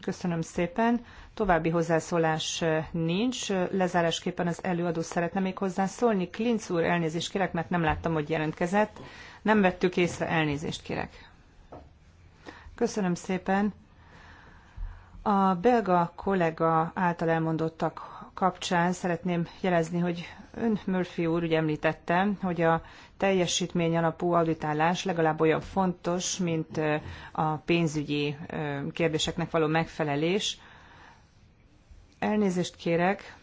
Köszönöm szépen. További hozzászólás nincs. Lezárásképpen az előadó szeretne még hozzászólni. Klinc úr, elnézést kérek, mert nem láttam, hogy jelentkezett. Nem vettük észre, elnézést kérek. Köszönöm szépen. A belga kollega által elmondottak kapcsán szeretném jelezni, hogy ön Murphy úr úgy említette, hogy a teljesítmény alapú auditálás legalább olyan fontos, mint a pénzügyi kérdéseknek való megfelelés. Elnézést kérek,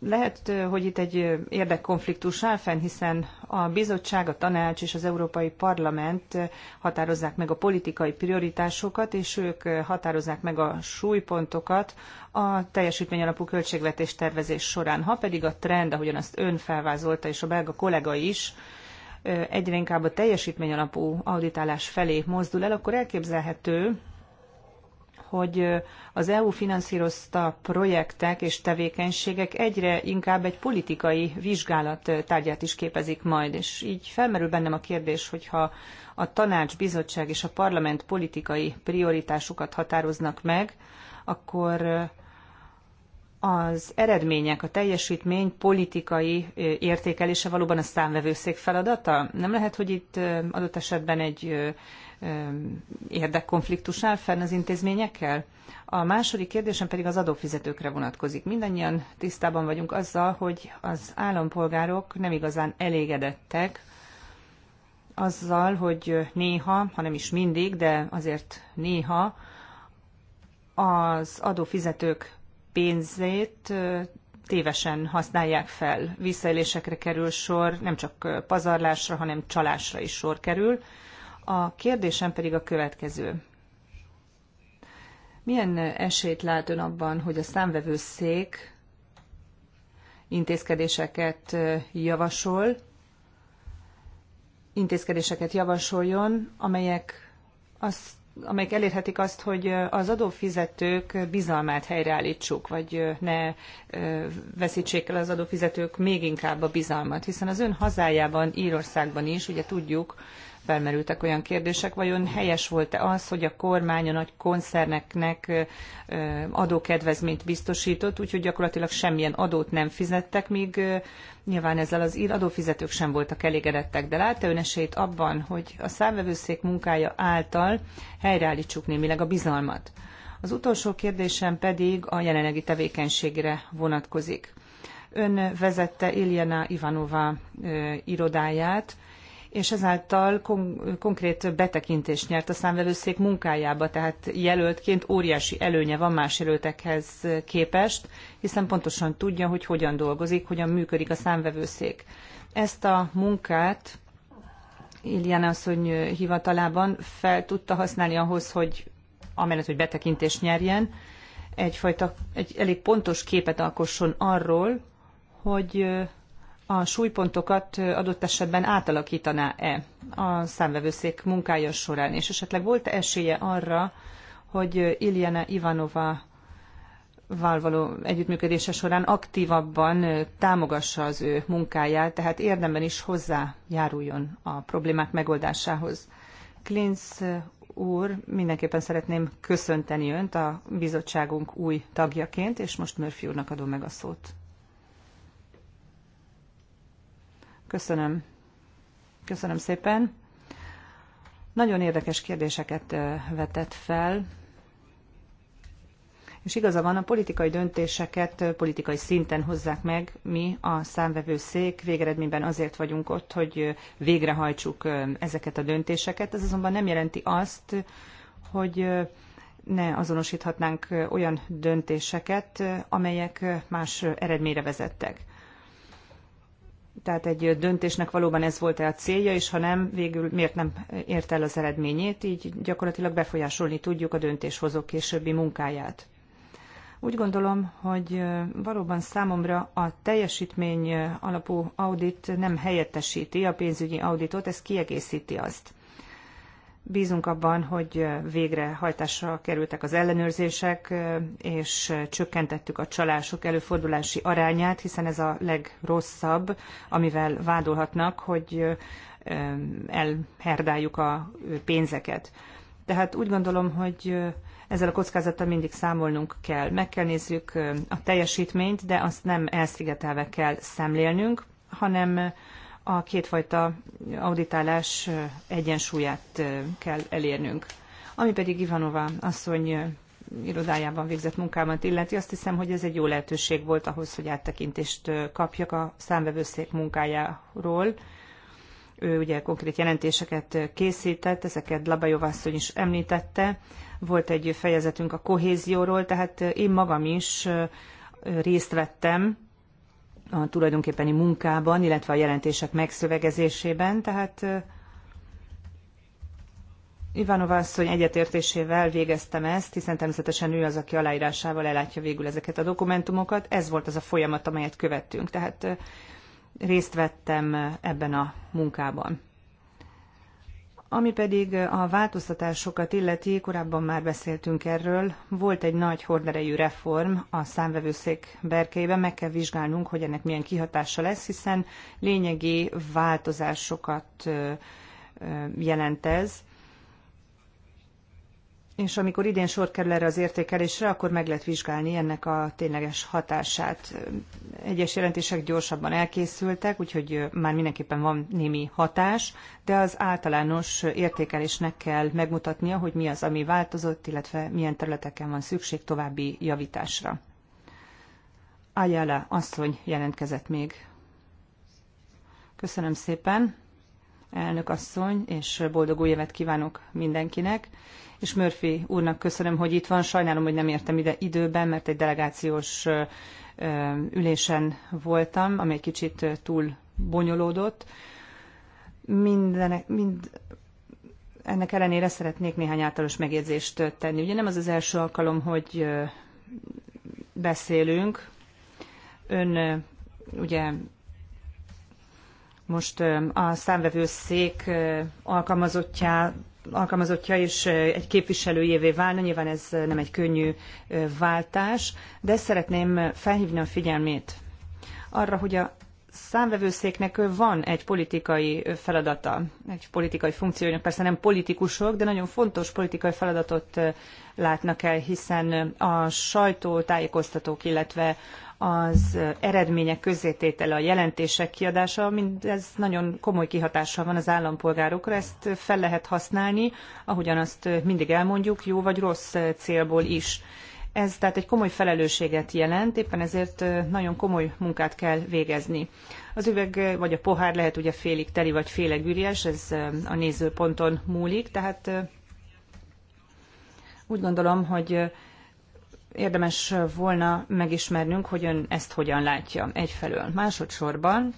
lehet, hogy itt egy érdekkonfliktus áll fenn, hiszen a bizottság, a tanács és az Európai Parlament határozzák meg a politikai prioritásokat, és ők határozzák meg a súlypontokat a teljesítmény alapú költségvetés tervezés során. Ha pedig a trend, ahogyan azt ön felvázolta, és a belga kollega is, egyre inkább a teljesítmény alapú auditálás felé mozdul el, akkor elképzelhető, hogy az EU finanszírozta projektek és tevékenységek egyre inkább egy politikai vizsgálat tárgyát is képezik majd, és így felmerül bennem a kérdés, hogyha a tanács, bizottság és a parlament politikai prioritásokat határoznak meg, akkor az eredmények, a teljesítmény politikai értékelése valóban a számvevőszék feladata? Nem lehet, hogy itt adott esetben egy érdekkonfliktus áll fenn az intézményekkel? A második kérdésem pedig az adófizetőkre vonatkozik. Mindannyian tisztában vagyunk azzal, hogy az állampolgárok nem igazán elégedettek azzal, hogy néha, hanem is mindig, de azért néha az adófizetők pénzét tévesen használják fel. Visszaélésekre kerül sor, nem csak pazarlásra, hanem csalásra is sor kerül a kérdésem pedig a következő. Milyen esélyt lát ön abban, hogy a számvevőszék intézkedéseket javasol, intézkedéseket javasoljon, amelyek, az, amelyek elérhetik azt, hogy az adófizetők bizalmát helyreállítsuk, vagy ne veszítsék el az adófizetők még inkább a bizalmat, hiszen az ön hazájában, Írországban is, ugye tudjuk, felmerültek olyan kérdések, vajon helyes volt-e az, hogy a kormány a nagy koncerneknek adókedvezményt biztosított, úgyhogy gyakorlatilag semmilyen adót nem fizettek, míg nyilván ezzel az adófizetők sem voltak elégedettek, de látta ön esélyt abban, hogy a számvevőszék munkája által helyreállítsuk némileg a bizalmat. Az utolsó kérdésem pedig a jelenlegi tevékenységre vonatkozik. Ön vezette Iljana Ivanova irodáját, és ezáltal kon- konkrét betekintést nyert a számvevőszék munkájába, tehát jelöltként óriási előnye van más jelöltekhez képest, hiszen pontosan tudja, hogy hogyan dolgozik, hogyan működik a számvevőszék. Ezt a munkát Iliana asszony hivatalában fel tudta használni ahhoz, hogy amellett, hogy betekintést nyerjen, egyfajta, egy elég pontos képet alkosson arról, hogy a súlypontokat adott esetben átalakítaná-e a számvevőszék munkája során, és esetleg volt -e esélye arra, hogy Iljana Ivanova val való együttműködése során aktívabban támogassa az ő munkáját, tehát érdemben is hozzájáruljon a problémák megoldásához. Klinz úr, mindenképpen szeretném köszönteni önt a bizottságunk új tagjaként, és most Murphy úrnak adom meg a szót. Köszönöm. Köszönöm szépen. Nagyon érdekes kérdéseket vetett fel, és igaza van, a politikai döntéseket politikai szinten hozzák meg mi a számvevőszék, végeredményben azért vagyunk ott, hogy végrehajtsuk ezeket a döntéseket. Ez azonban nem jelenti azt, hogy ne azonosíthatnánk olyan döntéseket, amelyek más eredményre vezettek. Tehát egy döntésnek valóban ez volt-e a célja, és ha nem, végül miért nem ért el az eredményét, így gyakorlatilag befolyásolni tudjuk a döntéshozók későbbi munkáját. Úgy gondolom, hogy valóban számomra a teljesítmény alapú audit nem helyettesíti a pénzügyi auditot, ez kiegészíti azt. Bízunk abban, hogy végre hajtásra kerültek az ellenőrzések, és csökkentettük a csalások előfordulási arányát, hiszen ez a legrosszabb, amivel vádolhatnak, hogy elherdáljuk a pénzeket. Tehát úgy gondolom, hogy ezzel a kockázattal mindig számolnunk kell. Meg kell nézzük a teljesítményt, de azt nem elszigetelve kell szemlélnünk, hanem a kétfajta auditálás egyensúlyát kell elérnünk. Ami pedig Ivanova asszony irodájában végzett munkámat illeti, azt hiszem, hogy ez egy jó lehetőség volt ahhoz, hogy áttekintést kapjak a számvevőszék munkájáról. Ő ugye konkrét jelentéseket készített, ezeket Labajov asszony is említette. Volt egy fejezetünk a kohézióról, tehát én magam is részt vettem a tulajdonképpeni munkában, illetve a jelentések megszövegezésében, tehát Ivanova asszony egyetértésével végeztem ezt, hiszen természetesen ő az, aki aláírásával ellátja végül ezeket a dokumentumokat. Ez volt az a folyamat, amelyet követtünk, tehát részt vettem ebben a munkában. Ami pedig a változtatásokat illeti, korábban már beszéltünk erről, volt egy nagy horderejű reform a számvevőszék berkeiben, meg kell vizsgálnunk, hogy ennek milyen kihatása lesz, hiszen lényegi változásokat jelent ez és amikor idén sor kerül erre az értékelésre, akkor meg lehet vizsgálni ennek a tényleges hatását. Egyes jelentések gyorsabban elkészültek, úgyhogy már mindenképpen van némi hatás, de az általános értékelésnek kell megmutatnia, hogy mi az, ami változott, illetve milyen területeken van szükség további javításra. Ayala asszony jelentkezett még. Köszönöm szépen, elnök asszony, és boldog új évet kívánok mindenkinek és Murphy úrnak köszönöm, hogy itt van. Sajnálom, hogy nem értem ide időben, mert egy delegációs ülésen voltam, ami egy kicsit túl bonyolódott. Minden, mind, ennek ellenére szeretnék néhány általános megjegyzést tenni. Ugye nem az az első alkalom, hogy beszélünk. Ön ugye most a számvevőszék alkalmazottjá alkalmazottja és egy képviselőjévé válna. Nyilván ez nem egy könnyű váltás, de szeretném felhívni a figyelmét arra, hogy a számvevőszéknek van egy politikai feladata, egy politikai funkciója, persze nem politikusok, de nagyon fontos politikai feladatot látnak el, hiszen a sajtó tájékoztatók illetve az eredmények közzététele, a jelentések kiadása, mindez nagyon komoly kihatással van az állampolgárokra, ezt fel lehet használni, ahogyan azt mindig elmondjuk, jó vagy rossz célból is. Ez tehát egy komoly felelősséget jelent, éppen ezért nagyon komoly munkát kell végezni. Az üveg vagy a pohár lehet ugye félig teli vagy félig üres, ez a nézőponton múlik, tehát úgy gondolom, hogy érdemes volna megismernünk, hogy ön ezt hogyan látja egyfelől. Másodszorban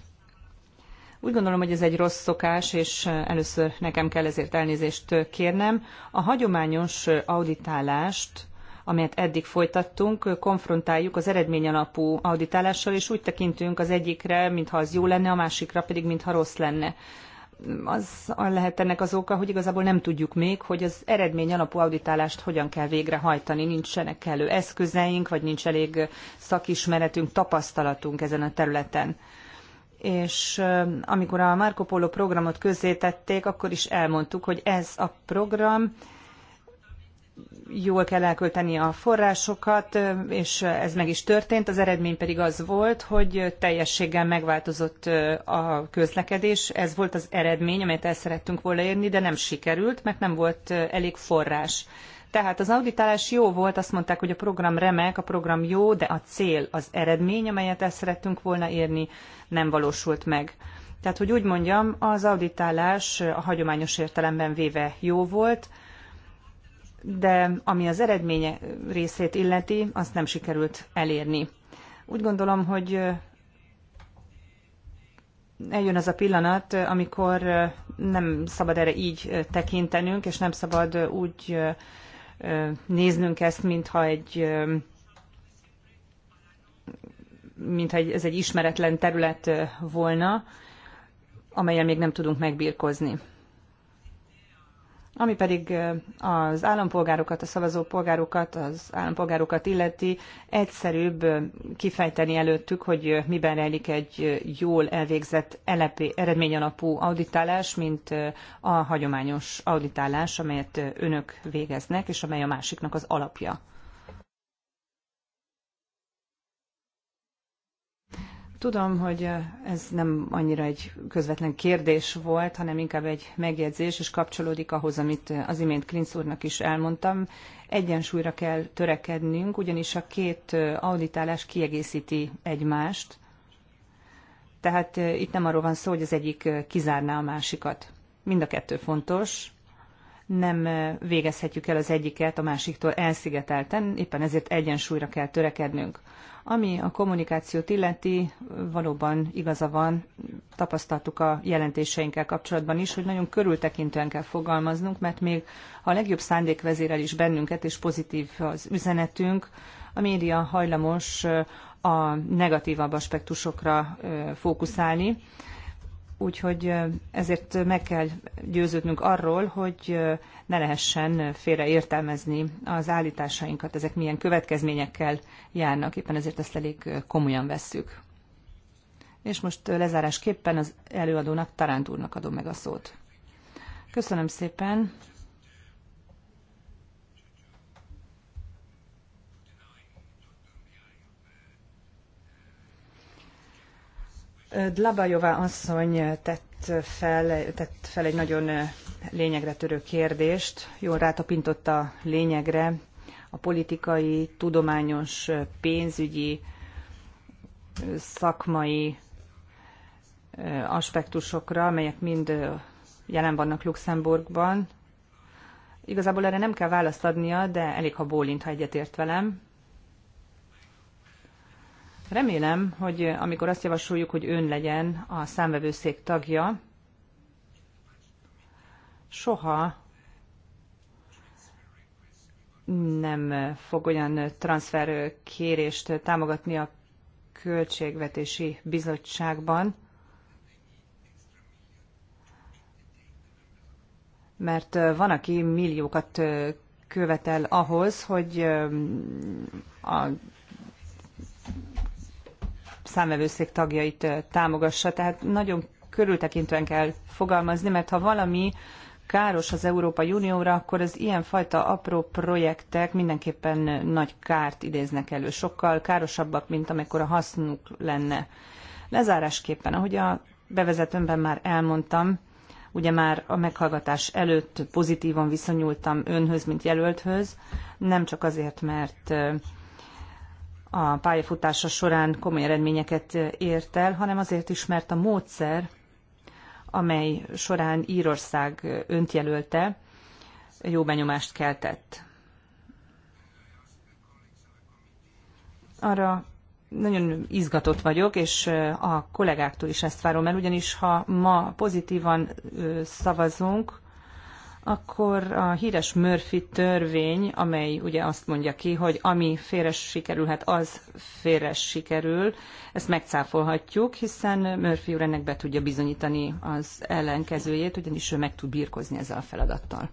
úgy gondolom, hogy ez egy rossz szokás, és először nekem kell ezért elnézést kérnem. A hagyományos auditálást amelyet eddig folytattunk, konfrontáljuk az alapú auditálással, és úgy tekintünk az egyikre, mintha az jó lenne, a másikra pedig, mintha rossz lenne. Az lehet ennek az oka, hogy igazából nem tudjuk még, hogy az eredmény alapú auditálást hogyan kell végrehajtani. Nincsenek kellő eszközeink, vagy nincs elég szakismeretünk, tapasztalatunk ezen a területen és amikor a Marco Polo programot közzétették, akkor is elmondtuk, hogy ez a program jól kell elkölteni a forrásokat, és ez meg is történt. Az eredmény pedig az volt, hogy teljességgel megváltozott a közlekedés. Ez volt az eredmény, amelyet el szerettünk volna érni, de nem sikerült, mert nem volt elég forrás. Tehát az auditálás jó volt, azt mondták, hogy a program remek, a program jó, de a cél, az eredmény, amelyet el szerettünk volna érni, nem valósult meg. Tehát, hogy úgy mondjam, az auditálás a hagyományos értelemben véve jó volt, de ami az eredménye részét illeti, azt nem sikerült elérni. Úgy gondolom, hogy eljön az a pillanat, amikor nem szabad erre így tekintenünk, és nem szabad úgy néznünk ezt, mintha egy mintha ez egy ismeretlen terület volna, amelyen még nem tudunk megbírkozni. Ami pedig az állampolgárokat, a szavazó polgárokat, az állampolgárokat illeti, egyszerűbb kifejteni előttük, hogy miben rejlik egy jól elvégzett eredmény alapú auditálás, mint a hagyományos auditálás, amelyet önök végeznek, és amely a másiknak az alapja. Tudom, hogy eh, ez nem annyira egy közvetlen kérdés volt, hanem inkább egy megjegyzés, és kapcsolódik ahhoz, amit eh, az imént Klinz úrnak is elmondtam. Egyensúlyra kell törekednünk, ugyanis a két eh, auditálás kiegészíti egymást. Tehát itt nem arról van szó, hogy az egyik kizárná a másikat. Mind a kettő fontos, nem végezhetjük el az egyiket a másiktól elszigetelten, éppen ezért egyensúlyra kell törekednünk. Ami a kommunikációt illeti, valóban igaza van, tapasztaltuk a jelentéseinkkel kapcsolatban is, hogy nagyon körültekintően kell fogalmaznunk, mert még a legjobb szándék vezérel is bennünket, és pozitív az üzenetünk, a média hajlamos a negatívabb aspektusokra fókuszálni Úgyhogy ezért meg kell győződnünk arról, hogy ne lehessen félreértelmezni az állításainkat, ezek milyen következményekkel járnak, éppen ezért ezt elég komolyan vesszük. És most lezárásképpen az előadónak, Taránt úrnak adom meg a szót. Köszönöm szépen, Dlabajová asszony tett fel, tett fel egy nagyon lényegre törő kérdést, jól rátapintott a lényegre, a politikai, tudományos, pénzügyi, szakmai aspektusokra, amelyek mind jelen vannak Luxemburgban. Igazából erre nem kell választ adnia, de elég, ha bólint, ha egyetért velem. Remélem, hogy eh, amikor azt javasoljuk, hogy ön legyen a számvevőszék tagja, soha nem fog olyan transfer kérést támogatni a Költségvetési Bizottságban, mert eh, van, aki milliókat eh, követel ahhoz, hogy a számvevőszék tagjait támogassa. Tehát nagyon körültekintően kell fogalmazni, mert ha valami káros az Európai Unióra, akkor az ilyenfajta apró projektek mindenképpen nagy kárt idéznek elő, sokkal károsabbak, mint amikor a hasznuk lenne. Lezárásképpen, ahogy a bevezetőmben már elmondtam, ugye már a meghallgatás előtt pozitívan viszonyultam önhöz, mint jelölthöz, nem csak azért, mert a pályafutása során komoly eredményeket ért el, hanem azért is, mert a módszer, amely során Írország jelölte, jó benyomást keltett. Arra nagyon izgatott vagyok, és a kollégáktól is ezt várom el, ugyanis ha ma pozitívan szavazunk, akkor a híres Murphy törvény, amely ugye azt mondja ki, hogy ami félre sikerülhet, az félre sikerül, ezt megcáfolhatjuk, hiszen Murphy úr ennek be tudja bizonyítani az ellenkezőjét, ugyanis ő meg tud birkozni ezzel a feladattal.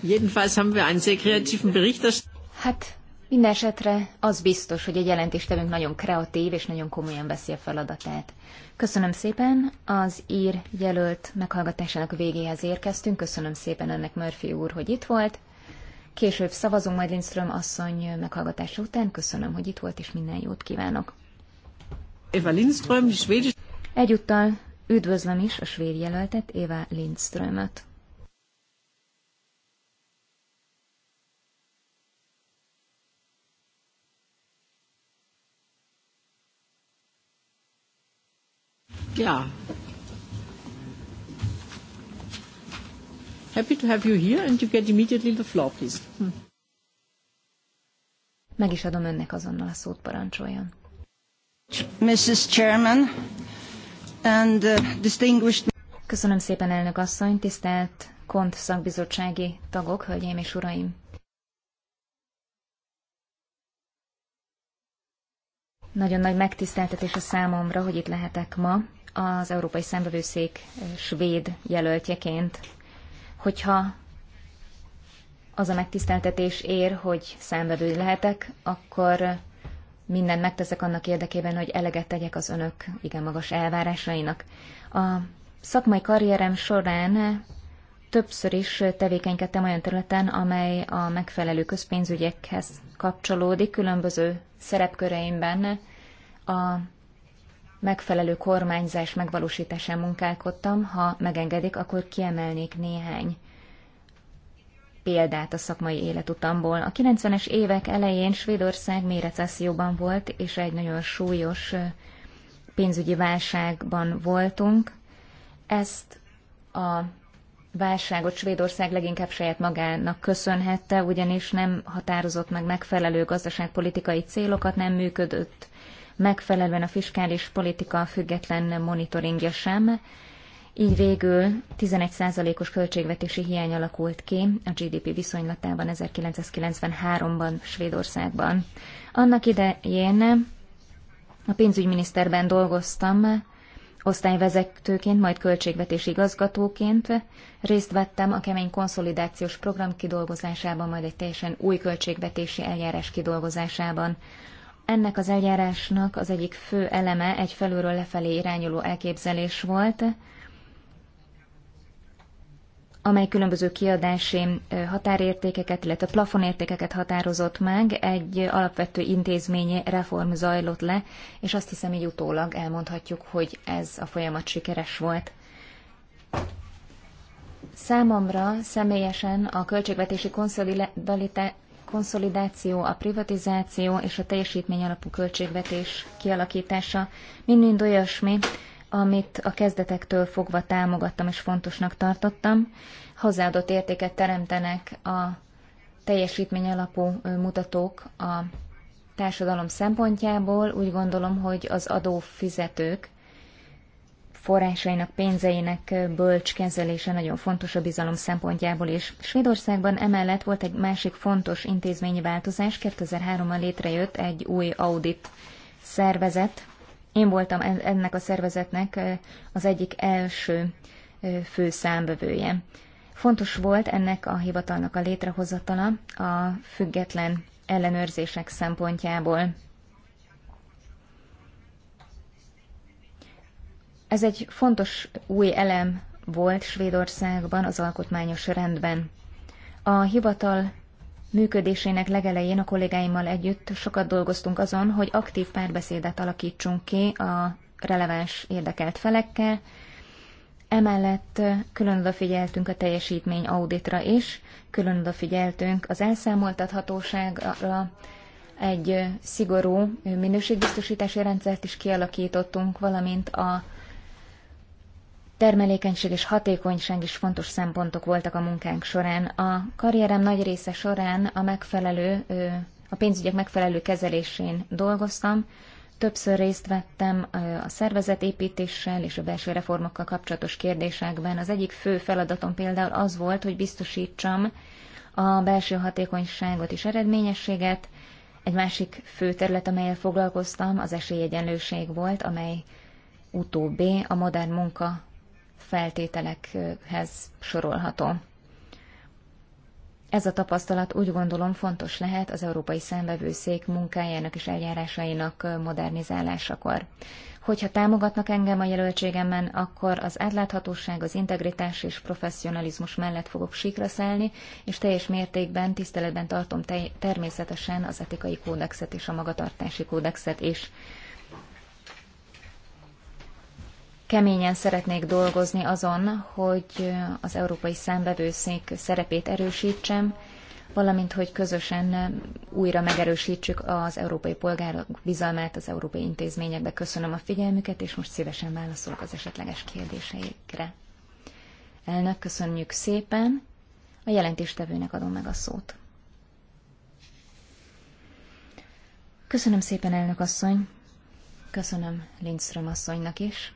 Jedenfalls haben wir einen sehr kreativen Berichterstatter. Hát Mindenesetre az biztos, hogy egy jelentéstevünk nagyon kreatív és nagyon komolyan veszi a feladatát. Köszönöm szépen, az ír jelölt meghallgatásának végéhez érkeztünk. Köszönöm szépen ennek Murphy úr, hogy itt volt. Később szavazunk majd Lindström asszony meghallgatása után. Köszönöm, hogy itt volt, és minden jót kívánok. Eva Lindström, svéd... Egyúttal üdvözlöm is a svéd jelöltet, Eva Lindströmöt. Yeah. Happy to have you here and you get immediately the floor, please. Hm. Meg is adom önnek azonnal a szót, parancsoljon. Mrs. Chairman and uh, distinguished... Köszönöm szépen, elnök asszony, tisztelt KONT szakbizottsági tagok, hölgyeim és uraim. Nagyon nagy megtiszteltetés a számomra, hogy itt lehetek ma, az Európai Szembevőszék eh, svéd jelöltjeként. Hogyha az a megtiszteltetés ér, hogy szembevő lehetek, akkor mindent megteszek annak érdekében, hogy eleget tegyek az önök igen magas elvárásainak. A szakmai karrierem során többször is tevékenykedtem olyan területen, amely a megfelelő közpénzügyekhez kapcsolódik, különböző szerepköreimben a megfelelő kormányzás megvalósításán munkálkodtam. Ha megengedik, akkor kiemelnék néhány példát a szakmai életutamból. A 90-es évek elején Svédország mély recesszióban volt, és egy nagyon súlyos pénzügyi válságban voltunk. Ezt a válságot Svédország leginkább saját magának köszönhette, ugyanis nem határozott meg megfelelő gazdaságpolitikai célokat, nem működött megfelelően a fiskális politika független monitoringja sem, így végül 11%-os költségvetési hiány alakult ki a GDP viszonylatában 1993-ban Svédországban. Annak idején a pénzügyminiszterben dolgoztam, osztályvezetőként, majd költségvetési igazgatóként részt vettem a kemény konszolidációs program kidolgozásában, majd egy teljesen új költségvetési eljárás kidolgozásában. Ennek az eljárásnak az egyik fő eleme egy felülről lefelé irányuló elképzelés volt, amely különböző kiadási határértékeket, illetve plafonértékeket határozott meg, egy alapvető intézményi reform zajlott le, és azt hiszem így utólag elmondhatjuk, hogy ez a folyamat sikeres volt. Számomra személyesen a költségvetési konszolidáció, a privatizáció és a teljesítmény alapú költségvetés kialakítása mind-mind olyasmi, amit a kezdetektől fogva támogattam és fontosnak tartottam. Hozzáadott értéket teremtenek a teljesítmény alapú mutatók a társadalom szempontjából. Úgy gondolom, hogy az adófizetők forrásainak, pénzeinek bölcs kezelése nagyon fontos a bizalom szempontjából is. Svédországban emellett volt egy másik fontos intézményi változás, 2003-ban létrejött egy új audit szervezet. Én voltam ennek a szervezetnek az egyik első fő számbevője. Fontos volt ennek a hivatalnak a létrehozatala a független ellenőrzések szempontjából. Ez egy fontos új elem volt Svédországban az alkotmányos rendben. A hivatal működésének legelején a kollégáimmal együtt sokat dolgoztunk azon, hogy aktív párbeszédet alakítsunk ki a releváns érdekelt felekkel, Emellett külön odafigyeltünk a teljesítmény auditra is, külön odafigyeltünk az elszámoltathatóságra, egy szigorú minőségbiztosítási rendszert is kialakítottunk, valamint a termelékenység és hatékonyság is fontos szempontok voltak a munkánk során. A karrierem nagy része során a megfelelő, a pénzügyek megfelelő kezelésén dolgoztam, Többször részt vettem a szervezetépítéssel és a belső reformokkal kapcsolatos kérdésekben. Az egyik fő feladatom például az volt, hogy biztosítsam a belső hatékonyságot és eredményességet. Egy másik fő terület, amelyel foglalkoztam, az esélyegyenlőség volt, amely utóbbi a modern munka feltételekhez sorolható. Ez a tapasztalat úgy gondolom fontos lehet az Európai Számbevőszék munkájának és eljárásainak modernizálásakor. Hogyha támogatnak engem a jelöltségemben, akkor az átláthatóság, az integritás és professzionalizmus mellett fogok síkra szállni, és teljes mértékben tiszteletben tartom te- természetesen az etikai kódexet és a magatartási kódexet is. keményen szeretnék dolgozni azon, hogy az Európai Számbevőszék szerepét erősítsem, valamint hogy közösen újra megerősítsük az európai polgárok bizalmát az európai intézményekbe. Köszönöm a figyelmüket, és most szívesen válaszolok az esetleges kérdéseikre. Elnök, köszönjük szépen. A jelentéstevőnek adom meg a szót. Köszönöm szépen, elnök asszony. Köszönöm Lindström asszonynak is.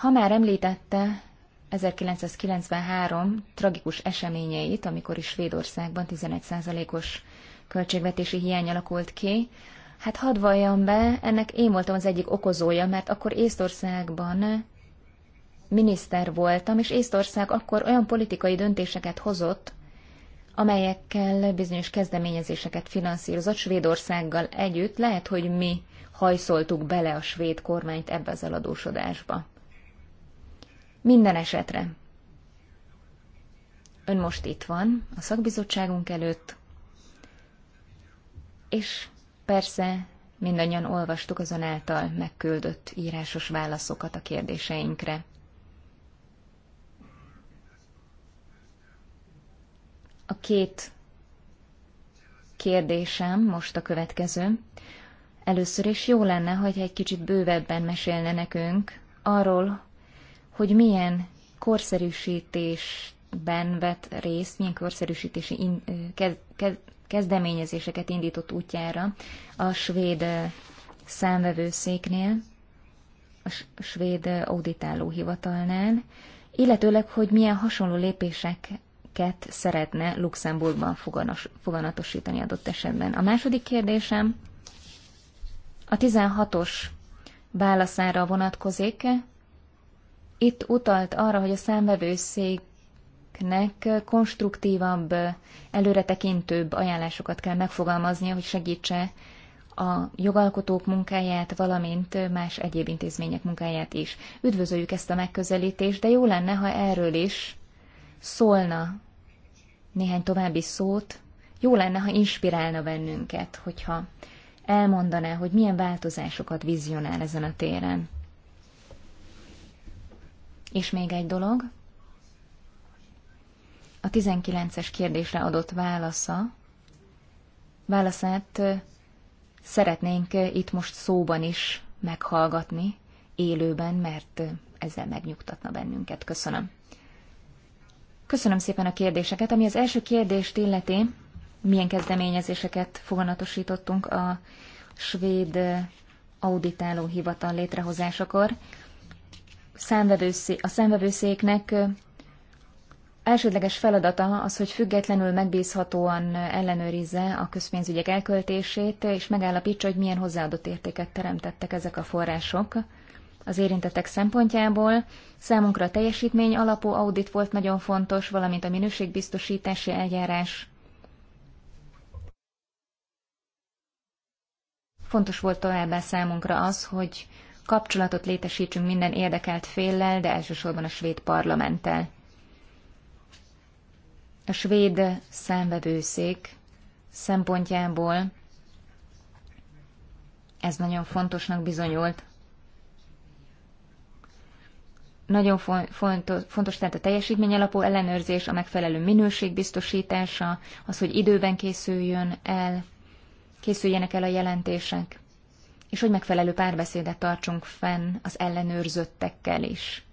Ha már említette 1993 tragikus eseményeit, amikor is Svédországban 11%-os költségvetési hiány alakult ki, hát hadd valljam be, ennek én voltam az egyik okozója, mert akkor Észtországban miniszter voltam, és Észtország akkor olyan politikai döntéseket hozott, amelyekkel bizonyos kezdeményezéseket finanszírozott Svédországgal együtt, lehet, hogy mi hajszoltuk bele a svéd kormányt ebbe az eladósodásba. Minden esetre. Ön most itt van, a szakbizottságunk előtt, és persze mindannyian olvastuk azonáltal megküldött írásos válaszokat a kérdéseinkre. A két kérdésem most a következő. Először is jó lenne, hogy egy kicsit bővebben mesélne nekünk arról, hogy milyen korszerűsítésben vett részt, milyen korszerűsítési in, kez, kez, kezdeményezéseket indított útjára a svéd számvevőszéknél, a svéd auditáló hivatalnál, illetőleg, hogy milyen hasonló lépéseket szeretne Luxemburgban foganatosítani adott esetben. A második kérdésem a 16-os válaszára vonatkozik, itt utalt arra, hogy a számvevőszéknek konstruktívabb, előretekintőbb ajánlásokat kell megfogalmaznia, hogy segítse a jogalkotók munkáját, valamint más egyéb intézmények munkáját is. Üdvözöljük ezt a megközelítést, de jó lenne, ha erről is szólna néhány további szót. Jó lenne, ha inspirálna bennünket, hogyha elmondaná, hogy milyen változásokat vizionál ezen a téren. És még egy dolog. A 19-es kérdésre adott válasza, válaszát szeretnénk itt most szóban is meghallgatni, élőben, mert ezzel megnyugtatna bennünket. Köszönöm. Köszönöm szépen a kérdéseket. Ami az első kérdést illeti, milyen kezdeményezéseket foganatosítottunk a svéd auditáló hivatal létrehozásakor a szenvedőszéknek elsődleges feladata az, hogy függetlenül megbízhatóan ellenőrizze a közpénzügyek elköltését, és megállapítsa, hogy milyen hozzáadott értéket teremtettek ezek a források az érintettek szempontjából. Számunkra a teljesítmény alapú audit volt nagyon fontos, valamint a minőségbiztosítási eljárás. Fontos volt továbbá számunkra az, hogy kapcsolatot létesítsünk minden érdekelt féllel, de elsősorban a svéd parlamenttel. A svéd számvevőszék szempontjából ez nagyon fontosnak bizonyult. Nagyon fontos, fontos tehát a teljesítmény alapú ellenőrzés, a megfelelő minőség biztosítása, az, hogy időben készüljön el, készüljenek el a jelentések és hogy megfelelő párbeszédet tartsunk fenn az ellenőrzöttekkel is.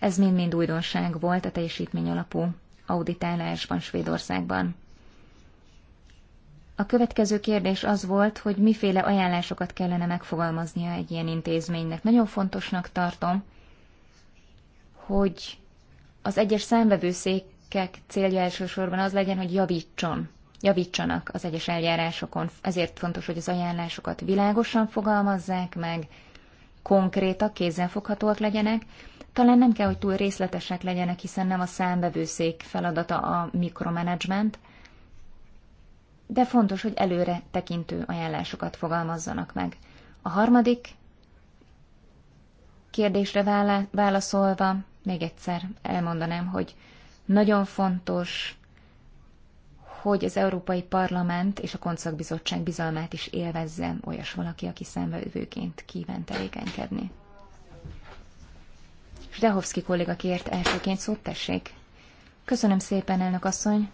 Ez mind-mind újdonság volt a teljesítmény alapú auditálásban Svédországban. A következő kérdés az volt, hogy miféle ajánlásokat kellene megfogalmaznia egy ilyen intézménynek. Nagyon fontosnak tartom, hogy az egyes számvevőszékek célja elsősorban az legyen, hogy javítson javítsanak az egyes eljárásokon. Ezért fontos, hogy az ajánlásokat világosan fogalmazzák meg, konkrétak, kézzelfoghatóak legyenek. Talán nem kell, hogy túl részletesek legyenek, hiszen nem a számbevőszék feladata a mikromanagement, de fontos, hogy előre tekintő ajánlásokat fogalmazzanak meg. A harmadik kérdésre válaszolva még egyszer elmondanám, hogy nagyon fontos hogy az Európai Parlament és a Koncertbizottság bizalmát is élvezze olyas valaki, aki számvevőként kíván tevékenykedni. Zdehovszki kolléga kért elsőként szót, tessék. Köszönöm szépen, elnök asszony.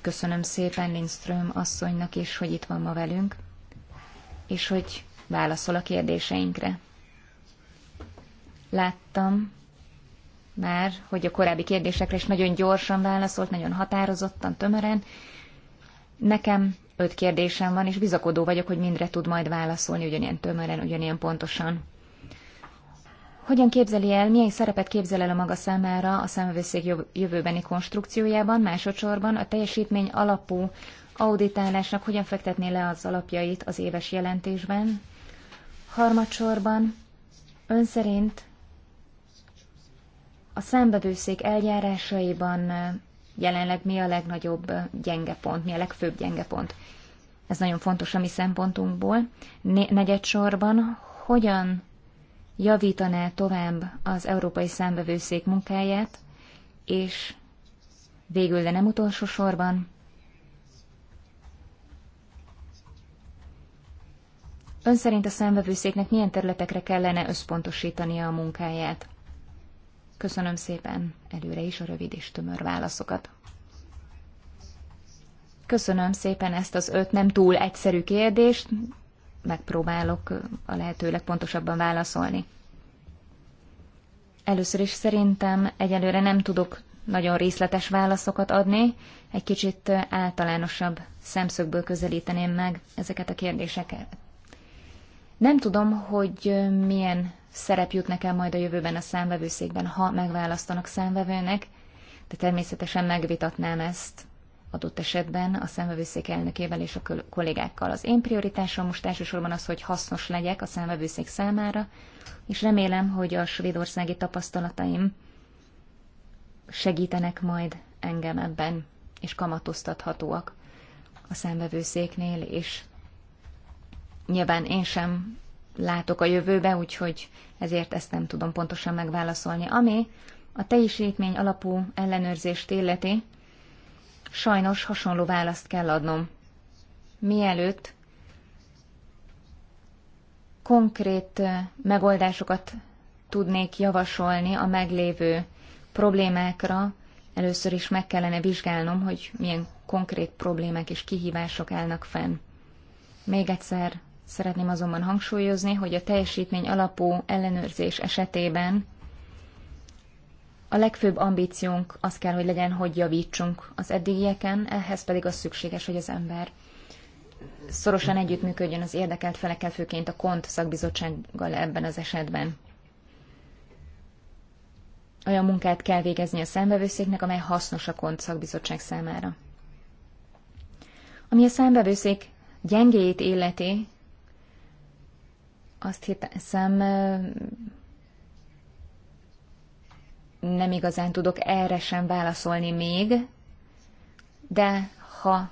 Köszönöm szépen Lindström asszonynak is, hogy itt van ma velünk, és hogy válaszol a kérdéseinkre. Láttam, már, hogy a korábbi kérdésekre is nagyon gyorsan válaszolt, nagyon határozottan, tömören. Nekem öt kérdésem van, és bizakodó vagyok, hogy mindre tud majd válaszolni ugyanilyen tömören, ugyanilyen pontosan. Hogyan képzeli el, milyen szerepet képzel el a maga számára a számövőszék jövőbeni konstrukciójában, másodszorban a teljesítmény alapú auditálásnak hogyan fektetné le az alapjait az éves jelentésben? Harmadsorban ön szerint a számbevőszék eljárásaiban jelenleg mi a legnagyobb gyenge pont, mi a legfőbb gyenge pont. Ez nagyon fontos a mi szempontunkból. Negyedsorban, hogyan javítaná tovább az Európai Számbevőszék munkáját, és végül, de nem utolsó sorban, Ön szerint a számbevőszéknek milyen területekre kellene összpontosítania a munkáját? Köszönöm szépen előre is a rövid és tömör válaszokat. Köszönöm szépen ezt az öt nem túl egyszerű kérdést, megpróbálok a lehető legpontosabban válaszolni. Először is szerintem egyelőre nem tudok nagyon részletes válaszokat adni, egy kicsit általánosabb szemszögből közelíteném meg ezeket a kérdéseket. Nem tudom, hogy milyen szerep jut nekem majd a jövőben a számvevőszékben, ha megválasztanak számvevőnek, de természetesen megvitatnám ezt adott esetben a számvevőszék elnökével és a kollégákkal. Az én prioritásom most elsősorban az, hogy hasznos legyek a számvevőszék számára, és remélem, hogy a svédországi tapasztalataim segítenek majd engem ebben, és kamatoztathatóak a számvevőszéknél, és nyilván én sem látok a jövőbe, úgyhogy ezért ezt nem tudom pontosan megválaszolni. Ami a teljesítmény alapú ellenőrzést illeti, sajnos hasonló választ kell adnom. Mielőtt konkrét megoldásokat tudnék javasolni a meglévő problémákra, először is meg kellene vizsgálnom, hogy milyen konkrét problémák és kihívások állnak fenn. Még egyszer Szeretném azonban hangsúlyozni, hogy a teljesítmény alapú ellenőrzés esetében a legfőbb ambíciónk az kell, hogy legyen, hogy javítsunk az eddigieken, ehhez pedig az szükséges, hogy az ember szorosan együttműködjön az érdekelt felekkel, főként a KONT szakbizottsággal ebben az esetben. Olyan munkát kell végezni a szembevőszéknek, amely hasznos a KONT szakbizottság számára. Ami a szembevőszék gyengéjét életé, azt hiszem nem igazán tudok erre sem válaszolni még, de ha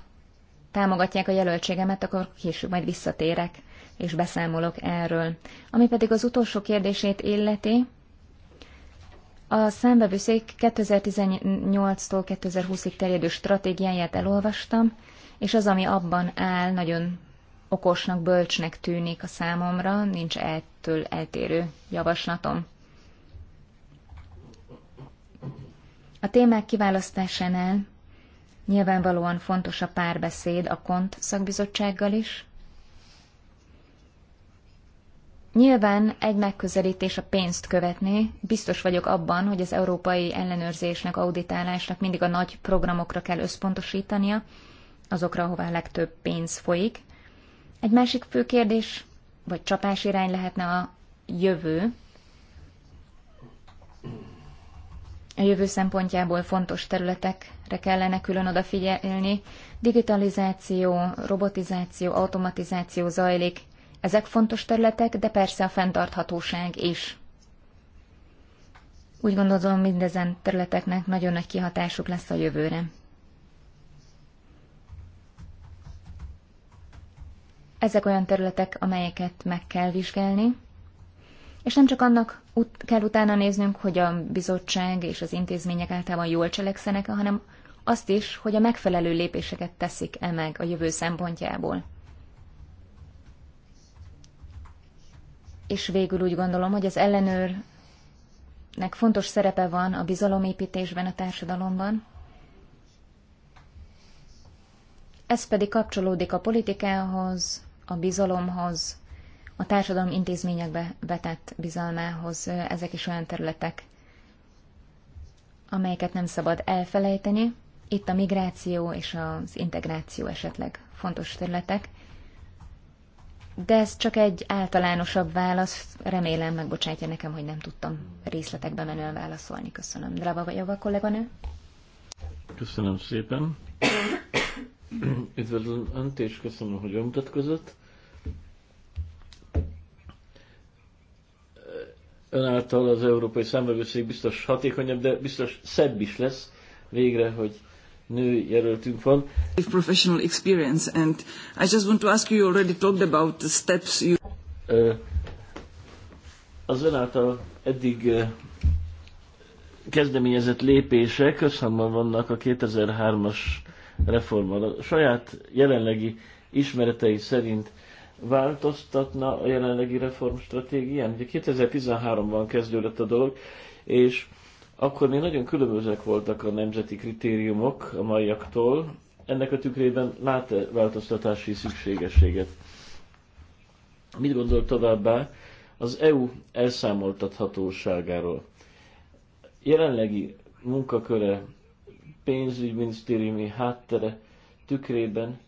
támogatják a jelöltségemet, akkor később majd visszatérek, és beszámolok erről. Ami pedig az utolsó kérdését illeti, a számbevőszék 2018-tól 2020-ig terjedő stratégiáját elolvastam, és az, ami abban áll, nagyon okosnak, bölcsnek tűnik a számomra, nincs ettől eltérő javaslatom. A témák kiválasztásánál nyilvánvalóan fontos a párbeszéd a KONT szakbizottsággal is. Nyilván egy megközelítés a pénzt követni. Biztos vagyok abban, hogy az európai ellenőrzésnek, auditálásnak mindig a nagy programokra kell összpontosítania, azokra, ahová legtöbb pénz folyik – egy másik fő kérdés, vagy csapás irány lehetne a jövő. A jövő szempontjából fontos területekre kellene külön odafigyelni. Digitalizáció, robotizáció, automatizáció zajlik. Ezek fontos területek, de persze a fenntarthatóság is. Úgy gondolom, mindezen területeknek nagyon nagy kihatásuk lesz a jövőre. Ezek olyan területek, amelyeket meg kell vizsgálni, és nem csak annak ut- kell utána néznünk, hogy a bizottság és az intézmények általában jól cselekszenek, hanem azt is, hogy a megfelelő lépéseket teszik-e meg a jövő szempontjából. És végül úgy gondolom, hogy az ellenőrnek fontos szerepe van a bizalomépítésben a társadalomban. Ez pedig kapcsolódik a politikához, a bizalomhoz, a társadalom intézményekbe vetett bizalmához, ezek is olyan területek, amelyeket nem szabad elfelejteni. Itt a migráció és az integráció esetleg fontos területek. De ez csak egy általánosabb válasz. Remélem megbocsátja nekem, hogy nem tudtam részletekbe menően válaszolni. Köszönöm. Drába vagy a kolléganő? Köszönöm szépen. <clears throat> Üdvözlöm Önt, és köszönöm, hogy bemutatkozott. Ön által az Európai Számvevőszék biztos hatékonyabb, de biztos szebb is lesz végre, hogy nő jelöltünk van. Professional experience, and I just want to ask you, you already talked about the steps you... Az ön által eddig kezdeményezett lépések összhangban vannak a 2003-as reformmal. A saját jelenlegi ismeretei szerint változtatna a jelenlegi reformstratégián? Ugye 2013-ban kezdődött a dolog, és akkor még nagyon különbözőek voltak a nemzeti kritériumok a maiaktól. Ennek a tükrében lát -e változtatási szükségességet? Mit gondol továbbá az EU elszámoltathatóságáról? Jelenlegi munkaköre pénzügyminisztériumi háttere tükrében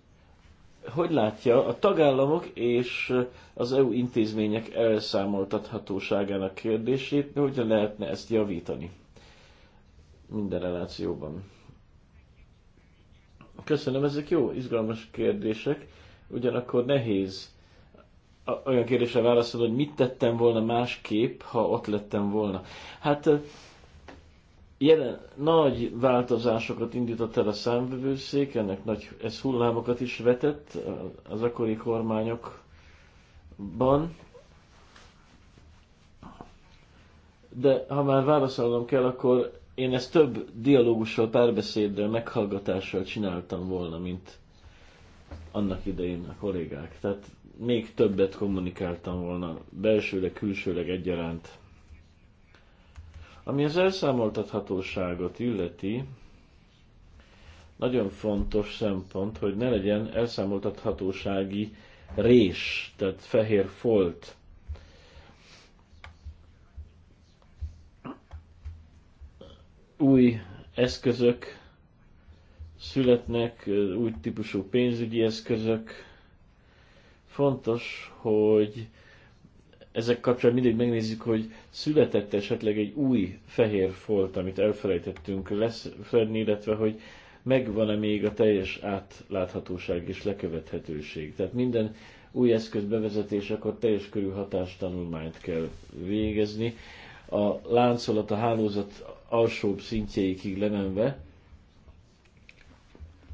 hogy látja a tagállamok és az EU intézmények elszámoltathatóságának kérdését, de hogyan lehetne ezt javítani minden relációban? Köszönöm, ezek jó, izgalmas kérdések, ugyanakkor nehéz olyan kérdésre válaszolni, hogy mit tettem volna másképp, ha ott lettem volna. Hát jelen nagy változásokat indított el a számvevőszék, ennek nagy, ez hullámokat is vetett az akkori kormányokban. De ha már válaszolnom kell, akkor én ezt több dialógussal, párbeszéddel, meghallgatással csináltam volna, mint annak idején a kollégák. Tehát még többet kommunikáltam volna, belsőleg, külsőleg egyaránt. Ami az elszámoltathatóságot illeti, nagyon fontos szempont, hogy ne legyen elszámoltathatósági rés, tehát fehér folt. Új eszközök születnek, új típusú pénzügyi eszközök. Fontos, hogy ezek kapcsán mindig megnézzük, hogy született esetleg egy új fehér folt, amit elfelejtettünk lesz fedni, illetve hogy megvan-e még a teljes átláthatóság és lekövethetőség. Tehát minden új eszköz bevezetésekor teljes körű hatástanulmányt kell végezni, a láncolat, a hálózat alsóbb szintjeikig lemenve,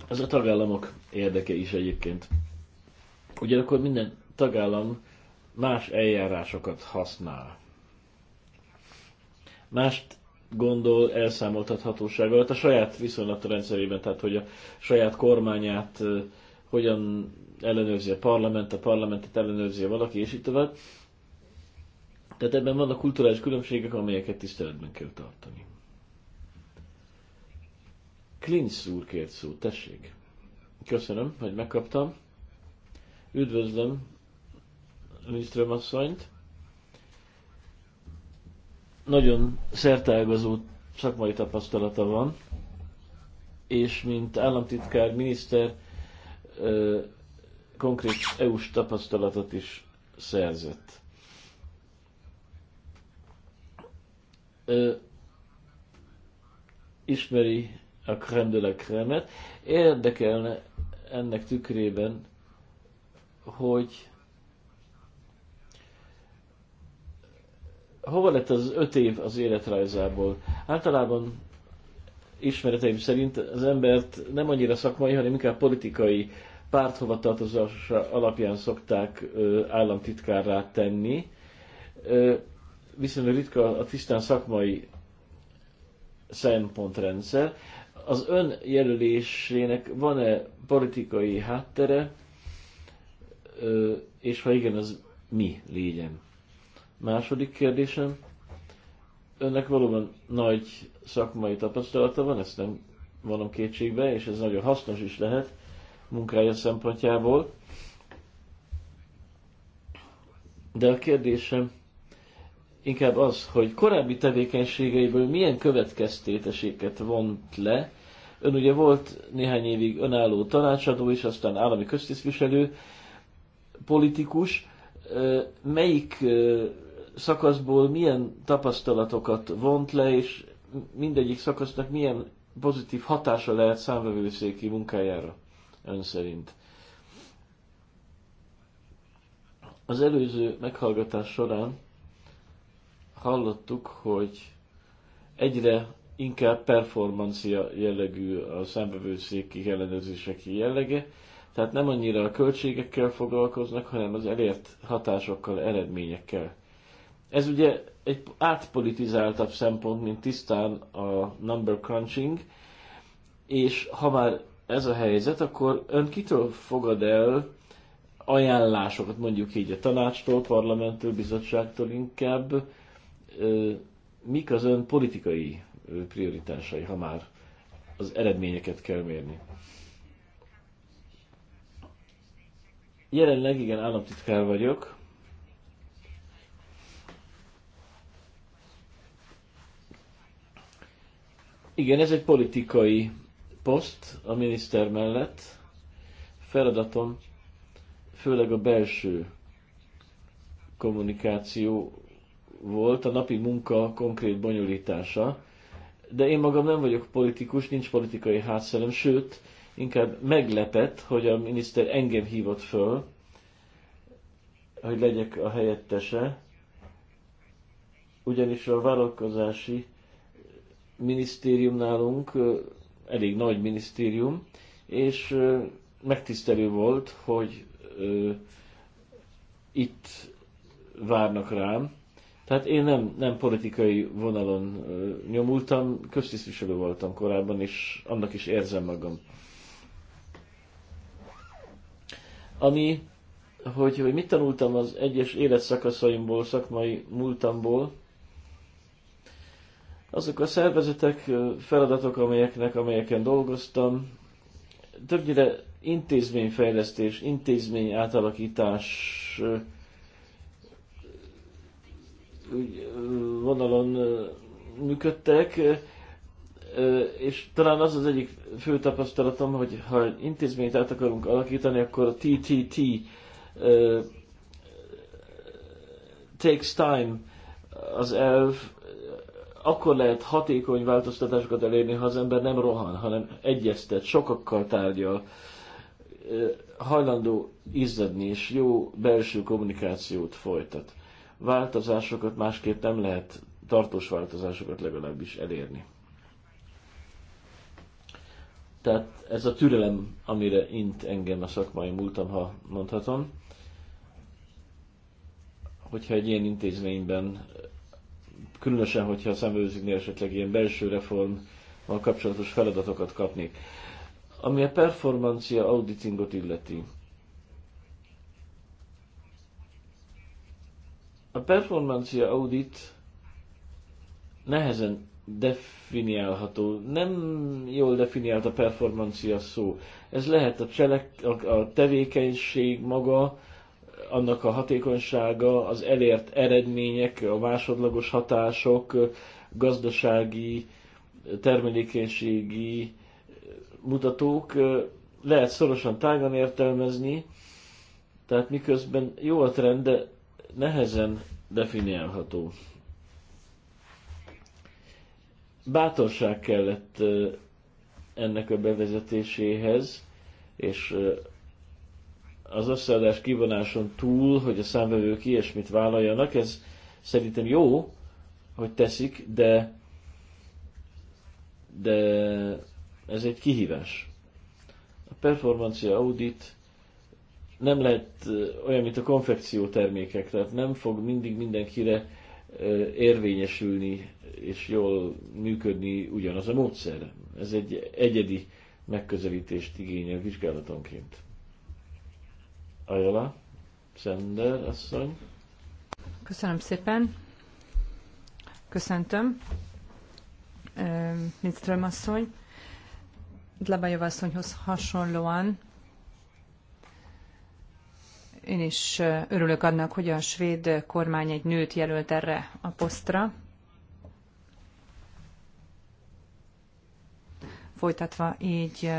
az a tagállamok érdeke is egyébként. Ugyanakkor minden tagállam más eljárásokat használ. Mást gondol elszámoltathatóság alatt hát a saját viszonylatrendszerében, tehát hogy a saját kormányát hogyan ellenőrzi a parlament, a parlamentet ellenőrzi valaki, és így tovább. Tehát ebben vannak kulturális különbségek, amelyeket tiszteletben kell tartani. Klinz úr kért szó, tessék. Köszönöm, hogy megkaptam. Üdvözlöm Lindström asszonyt. Nagyon szerteágazó szakmai tapasztalata van, és mint államtitkár, miniszter konkrét EU-s tapasztalatot is szerzett. Ismeri a crème de la crème-et. Érdekelne ennek tükrében, hogy hova lett az öt év az életrajzából? Általában ismereteim szerint az embert nem annyira szakmai, hanem inkább politikai párthovatartozása alapján szokták államtitkárrá tenni. Viszonylag ritka a tisztán szakmai szempontrendszer. Az ön jelölésének van-e politikai háttere, és ha igen, az mi légyen? Második kérdésem, önnek valóban nagy szakmai tapasztalata van, ezt nem vonom kétségbe, és ez nagyon hasznos is lehet munkája szempontjából. De a kérdésem inkább az, hogy korábbi tevékenységeiből milyen következtéteséket vont le. Ön ugye volt néhány évig önálló tanácsadó, és aztán állami köztisztviselő, politikus. Melyik szakaszból milyen tapasztalatokat vont le, és mindegyik szakasznak milyen pozitív hatása lehet számvevőszéki munkájára ön szerint. Az előző meghallgatás során hallottuk, hogy egyre inkább performancia jellegű a számbevőszéki ellenőrzések jellege, tehát nem annyira a költségekkel foglalkoznak, hanem az elért hatásokkal, eredményekkel. Ez ugye egy átpolitizáltabb szempont, mint tisztán a number crunching, és ha már ez a helyzet, akkor ön kitől fogad el ajánlásokat, mondjuk így a tanácstól, parlamenttől, bizottságtól inkább, mik az ön politikai prioritásai, ha már az eredményeket kell mérni? Jelenleg igen, államtitkár vagyok, Igen, ez egy politikai poszt a miniszter mellett. Feladatom főleg a belső kommunikáció volt, a napi munka konkrét bonyolítása, de én magam nem vagyok politikus, nincs politikai hátszerem, sőt, inkább meglepett, hogy a miniszter engem hívott föl, hogy legyek a helyettese, ugyanis a vállalkozási minisztérium nálunk, elég nagy minisztérium, és megtisztelő volt, hogy itt várnak rám. Tehát én nem, nem politikai vonalon nyomultam, köztisztviselő voltam korábban, és annak is érzem magam. Ami, hogy, hogy mit tanultam az egyes életszakaszaimból, szakmai múltamból, azok a szervezetek, feladatok, amelyeknek, amelyeken dolgoztam, többnyire intézményfejlesztés, intézmény átalakítás vonalon működtek, és talán az az egyik fő tapasztalatom, hogy ha egy intézményt át akarunk alakítani, akkor a TTT takes time az elv akkor lehet hatékony változtatásokat elérni, ha az ember nem rohan, hanem egyeztet, sokakkal tárgyal, hajlandó izzadni és jó belső kommunikációt folytat. Változásokat másképp nem lehet, tartós változásokat legalábbis elérni. Tehát ez a türelem, amire int engem a szakmai múltam, ha mondhatom, hogyha egy ilyen intézményben különösen, hogyha a szemőziknél esetleg ilyen belső reformmal kapcsolatos feladatokat kapnék. Ami a performancia auditingot illeti. A performancia audit nehezen definiálható. Nem jól definiált a performancia szó. Ez lehet a, cselek, a, a tevékenység maga, annak a hatékonysága, az elért eredmények, a másodlagos hatások, gazdasági, termelékenységi mutatók lehet szorosan tágan értelmezni, tehát miközben jó a trend, de nehezen definiálható. Bátorság kellett ennek a bevezetéséhez, és az összeadás kivonáson túl, hogy a számvevők ilyesmit vállaljanak, ez szerintem jó, hogy teszik, de, de ez egy kihívás. A performancia audit nem lehet olyan, mint a konfekció termékek, tehát nem fog mindig mindenkire érvényesülni és jól működni ugyanaz a módszer. Ez egy egyedi megközelítést igényel vizsgálatonként. Ajala, Szender asszony. Köszönöm szépen. Köszöntöm. Lindström asszony. Dlabajov asszonyhoz hasonlóan én is örülök annak, hogy a svéd kormány egy nőt jelölt erre a posztra. Folytatva így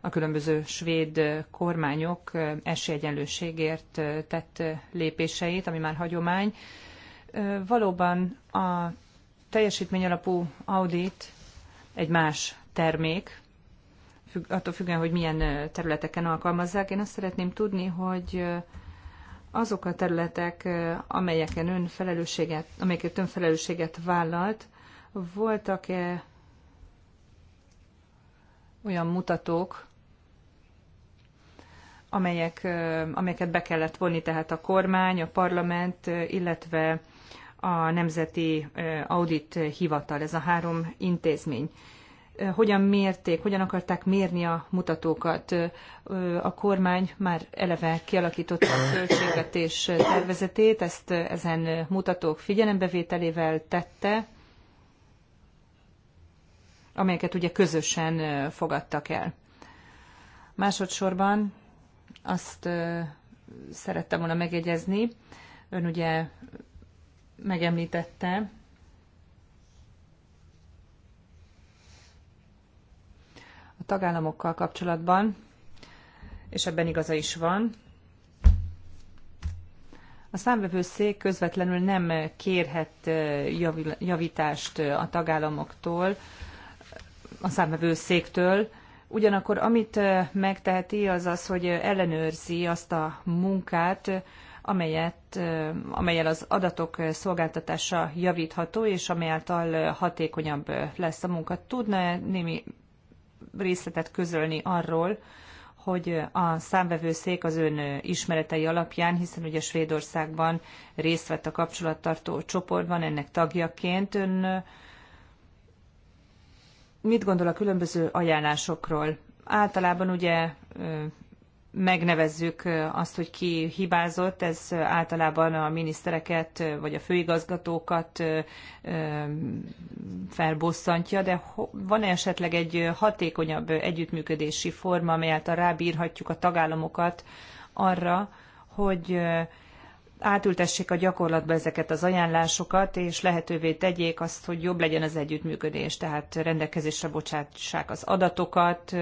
a különböző svéd kormányok esélyegyenlőségért tett lépéseit, ami már hagyomány. Valóban a teljesítmény alapú audit egy más termék, attól függően, hogy milyen területeken alkalmazzák. Én azt szeretném tudni, hogy azok a területek, amelyeken ön felelősséget, amelyeket ön felelősséget vállalt, voltak-e olyan mutatók, amelyek, amelyeket be kellett vonni, tehát a kormány, a parlament, illetve a Nemzeti Audit Hivatal, ez a három intézmény. Hogyan mérték, hogyan akarták mérni a mutatókat? A kormány már eleve kialakította a költségvetés tervezetét, ezt ezen mutatók figyelembevételével tette, amelyeket ugye közösen fogadtak el. Másodszorban azt szerettem volna megjegyezni. Ön ugye megemlítette, a tagállamokkal kapcsolatban, és ebben igaza is van. A számvevőszék közvetlenül nem kérhet javítást a tagállamoktól, a számvevőszéktől, Ugyanakkor amit megteheti, az az, hogy ellenőrzi azt a munkát, amelyet, amelyel az adatok szolgáltatása javítható, és amely által hatékonyabb lesz a munka. Tudna -e némi részletet közölni arról, hogy a számvevőszék az ön ismeretei alapján, hiszen ugye Svédországban részt vett a kapcsolattartó csoportban, ennek tagjaként ön mit gondol a különböző ajánlásokról? Általában ugye megnevezzük azt, hogy ki hibázott, ez általában a minisztereket vagy a főigazgatókat felbosszantja, de van -e esetleg egy hatékonyabb együttműködési forma, amely által rábírhatjuk a tagállamokat arra, hogy átültessék a gyakorlatba ezeket az ajánlásokat, és lehetővé tegyék azt, hogy jobb legyen az együttműködés, tehát rendelkezésre bocsássák az adatokat,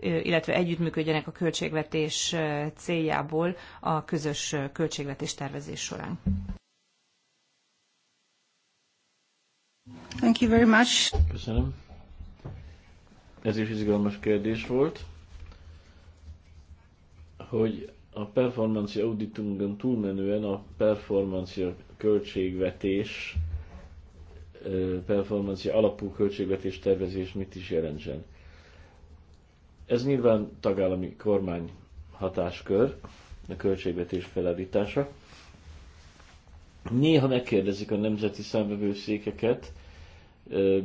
illetve együttműködjenek a költségvetés céljából a közös költségvetés tervezés során. Thank you very much. Köszönöm. Ez is izgalmas kérdés volt, hogy a performance auditunkon túlmenően a performance költségvetés, performance alapú költségvetés tervezés mit is jelentsen. Ez nyilván tagállami kormány hatáskör, a költségvetés felállítása. Néha megkérdezik a nemzeti számvevőszékeket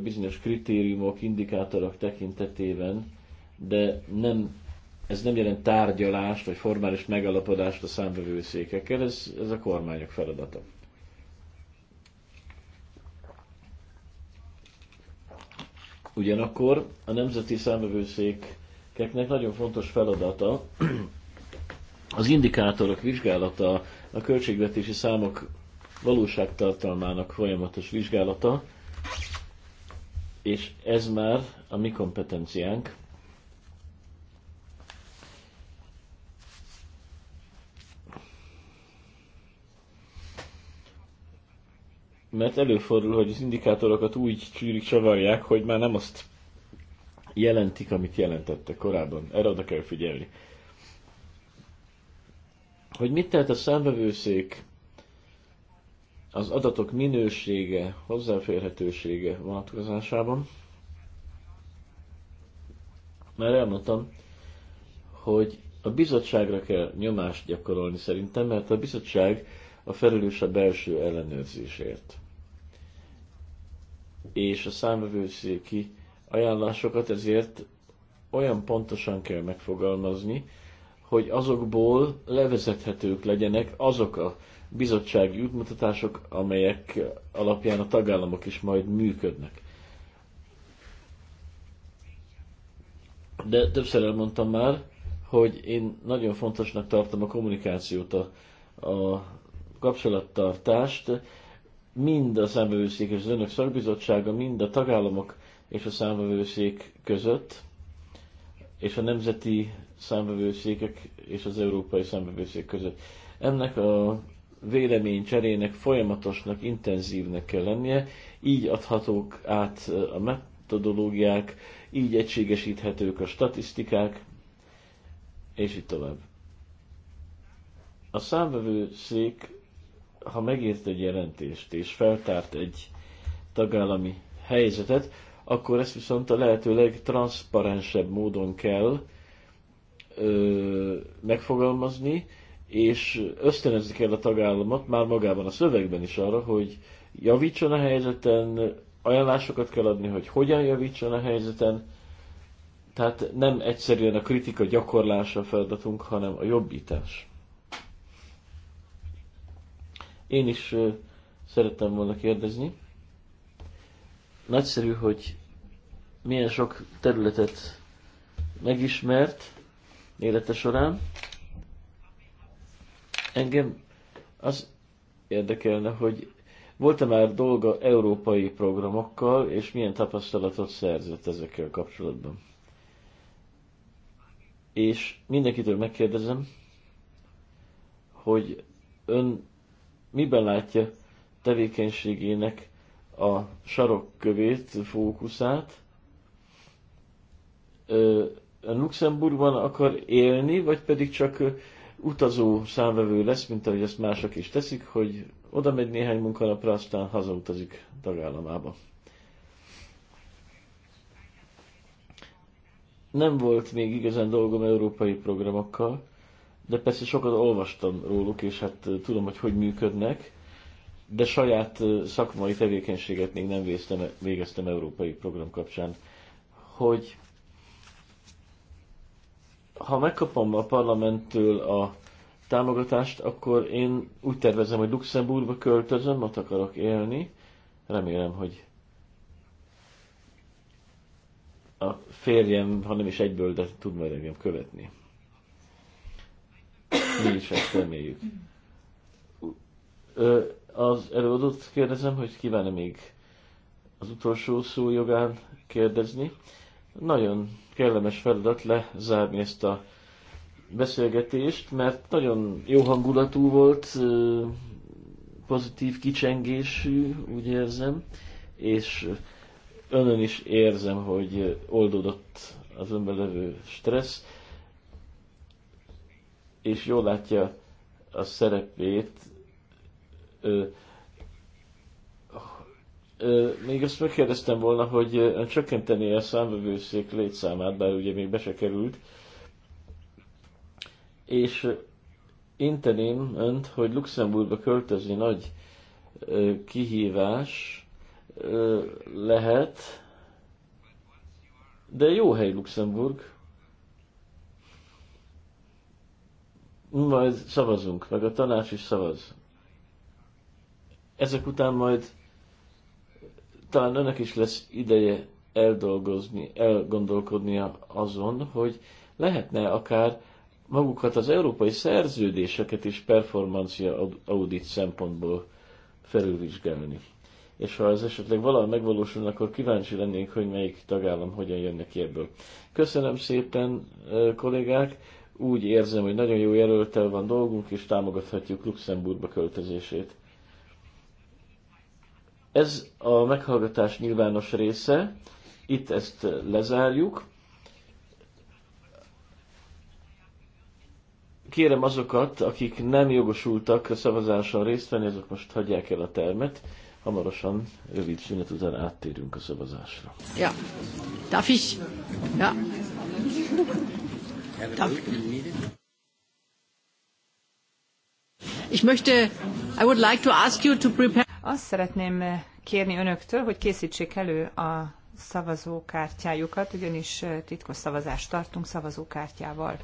bizonyos kritériumok, indikátorok tekintetében, de nem ez nem jelent tárgyalást, vagy formális megalapodást a számvevőszékekkel, ez, ez a kormányok feladata. Ugyanakkor a nemzeti számvevőszékeknek nagyon fontos feladata az indikátorok vizsgálata, a költségvetési számok valóságtartalmának folyamatos vizsgálata, és ez már a mi kompetenciánk, mert előfordul, hogy az indikátorokat úgy csűrik, csavarják, hogy már nem azt jelentik, amit jelentette korábban. Erre oda kell figyelni. Hogy mit tehet a számvevőszék az adatok minősége, hozzáférhetősége vonatkozásában? Már elmondtam, hogy a bizottságra kell nyomást gyakorolni szerintem, mert a bizottság a felelős a belső ellenőrzésért és a számvevőszéki ajánlásokat ezért olyan pontosan kell megfogalmazni, hogy azokból levezethetők legyenek azok a bizottsági útmutatások, amelyek alapján a tagállamok is majd működnek. De többször elmondtam már, hogy én nagyon fontosnak tartom a kommunikációt, a, a kapcsolattartást, mind az számvevőszék és az önök szakbizottsága, mind a tagállamok és a számvevőszék között, és a nemzeti számvevőszékek és az európai számvevőszék között. Ennek a vélemény cserének folyamatosnak, intenzívnek kell lennie, így adhatók át a metodológiák, így egységesíthetők a statisztikák, és így tovább. A számvevőszék ha megért egy jelentést és feltárt egy tagállami helyzetet, akkor ezt viszont a lehető legtranszparensebb módon kell ö, megfogalmazni, és ösztönözni kell a tagállamot már magában a szövegben is arra, hogy javítson a helyzeten, ajánlásokat kell adni, hogy hogyan javítson a helyzeten. Tehát nem egyszerűen a kritika gyakorlása a feladatunk, hanem a jobbítás. Én is szerettem volna kérdezni. Nagyszerű, hogy milyen sok területet megismert élete során. Engem az érdekelne, hogy volt-e már dolga európai programokkal, és milyen tapasztalatot szerzett ezekkel kapcsolatban? És mindenkitől megkérdezem, hogy ön miben látja tevékenységének a sarokkövét, fókuszát. Luxemburgban akar élni, vagy pedig csak utazó számvevő lesz, mint ahogy ezt mások is teszik, hogy oda megy néhány munkanapra, aztán hazautazik tagállamába. Nem volt még igazán dolgom európai programokkal, de persze sokat olvastam róluk, és hát tudom, hogy hogy működnek, de saját szakmai tevékenységet még nem végeztem, végeztem európai program kapcsán, hogy ha megkapom a parlamenttől a támogatást, akkor én úgy tervezem, hogy Luxemburgba költözöm, ott akarok élni. Remélem, hogy a férjem, ha nem is egyből, de tud majd engem követni mi is ezt reméljük. Az előadót kérdezem, hogy kíván -e még az utolsó szó jogán kérdezni. Nagyon kellemes feladat lezárni ezt a beszélgetést, mert nagyon jó hangulatú volt, pozitív kicsengésű, úgy érzem, és önön is érzem, hogy oldódott az önben levő stressz és jól látja a szerepét. Ö, ö, még azt megkérdeztem volna, hogy csökkenteni a számvevőszék létszámát, bár ugye még be se került, és inteném önt, hogy Luxemburgba költözni nagy ö, kihívás ö, lehet, de jó hely Luxemburg, majd szavazunk, meg a tanács is szavaz. Ezek után majd talán önnek is lesz ideje eldolgozni, elgondolkodnia azon, hogy lehetne akár magukat az európai szerződéseket is performancia audit szempontból felülvizsgálni. És ha ez esetleg valahol megvalósul, akkor kíváncsi lennénk, hogy melyik tagállam hogyan jönne ki ebből. Köszönöm szépen, kollégák! úgy érzem, hogy nagyon jó jelöltel van dolgunk, és támogathatjuk Luxemburgba költözését. Ez a meghallgatás nyilvános része, itt ezt lezárjuk. Kérem azokat, akik nem jogosultak a szavazáson részt venni, azok most hagyják el a termet. Hamarosan, rövid szünet után áttérünk a szavazásra. Ja, darf ich? Ja. Azt szeretném kérni önöktől, hogy készítsék elő a szavazókártyájukat, ugyanis titkos szavazást tartunk szavazókártyával.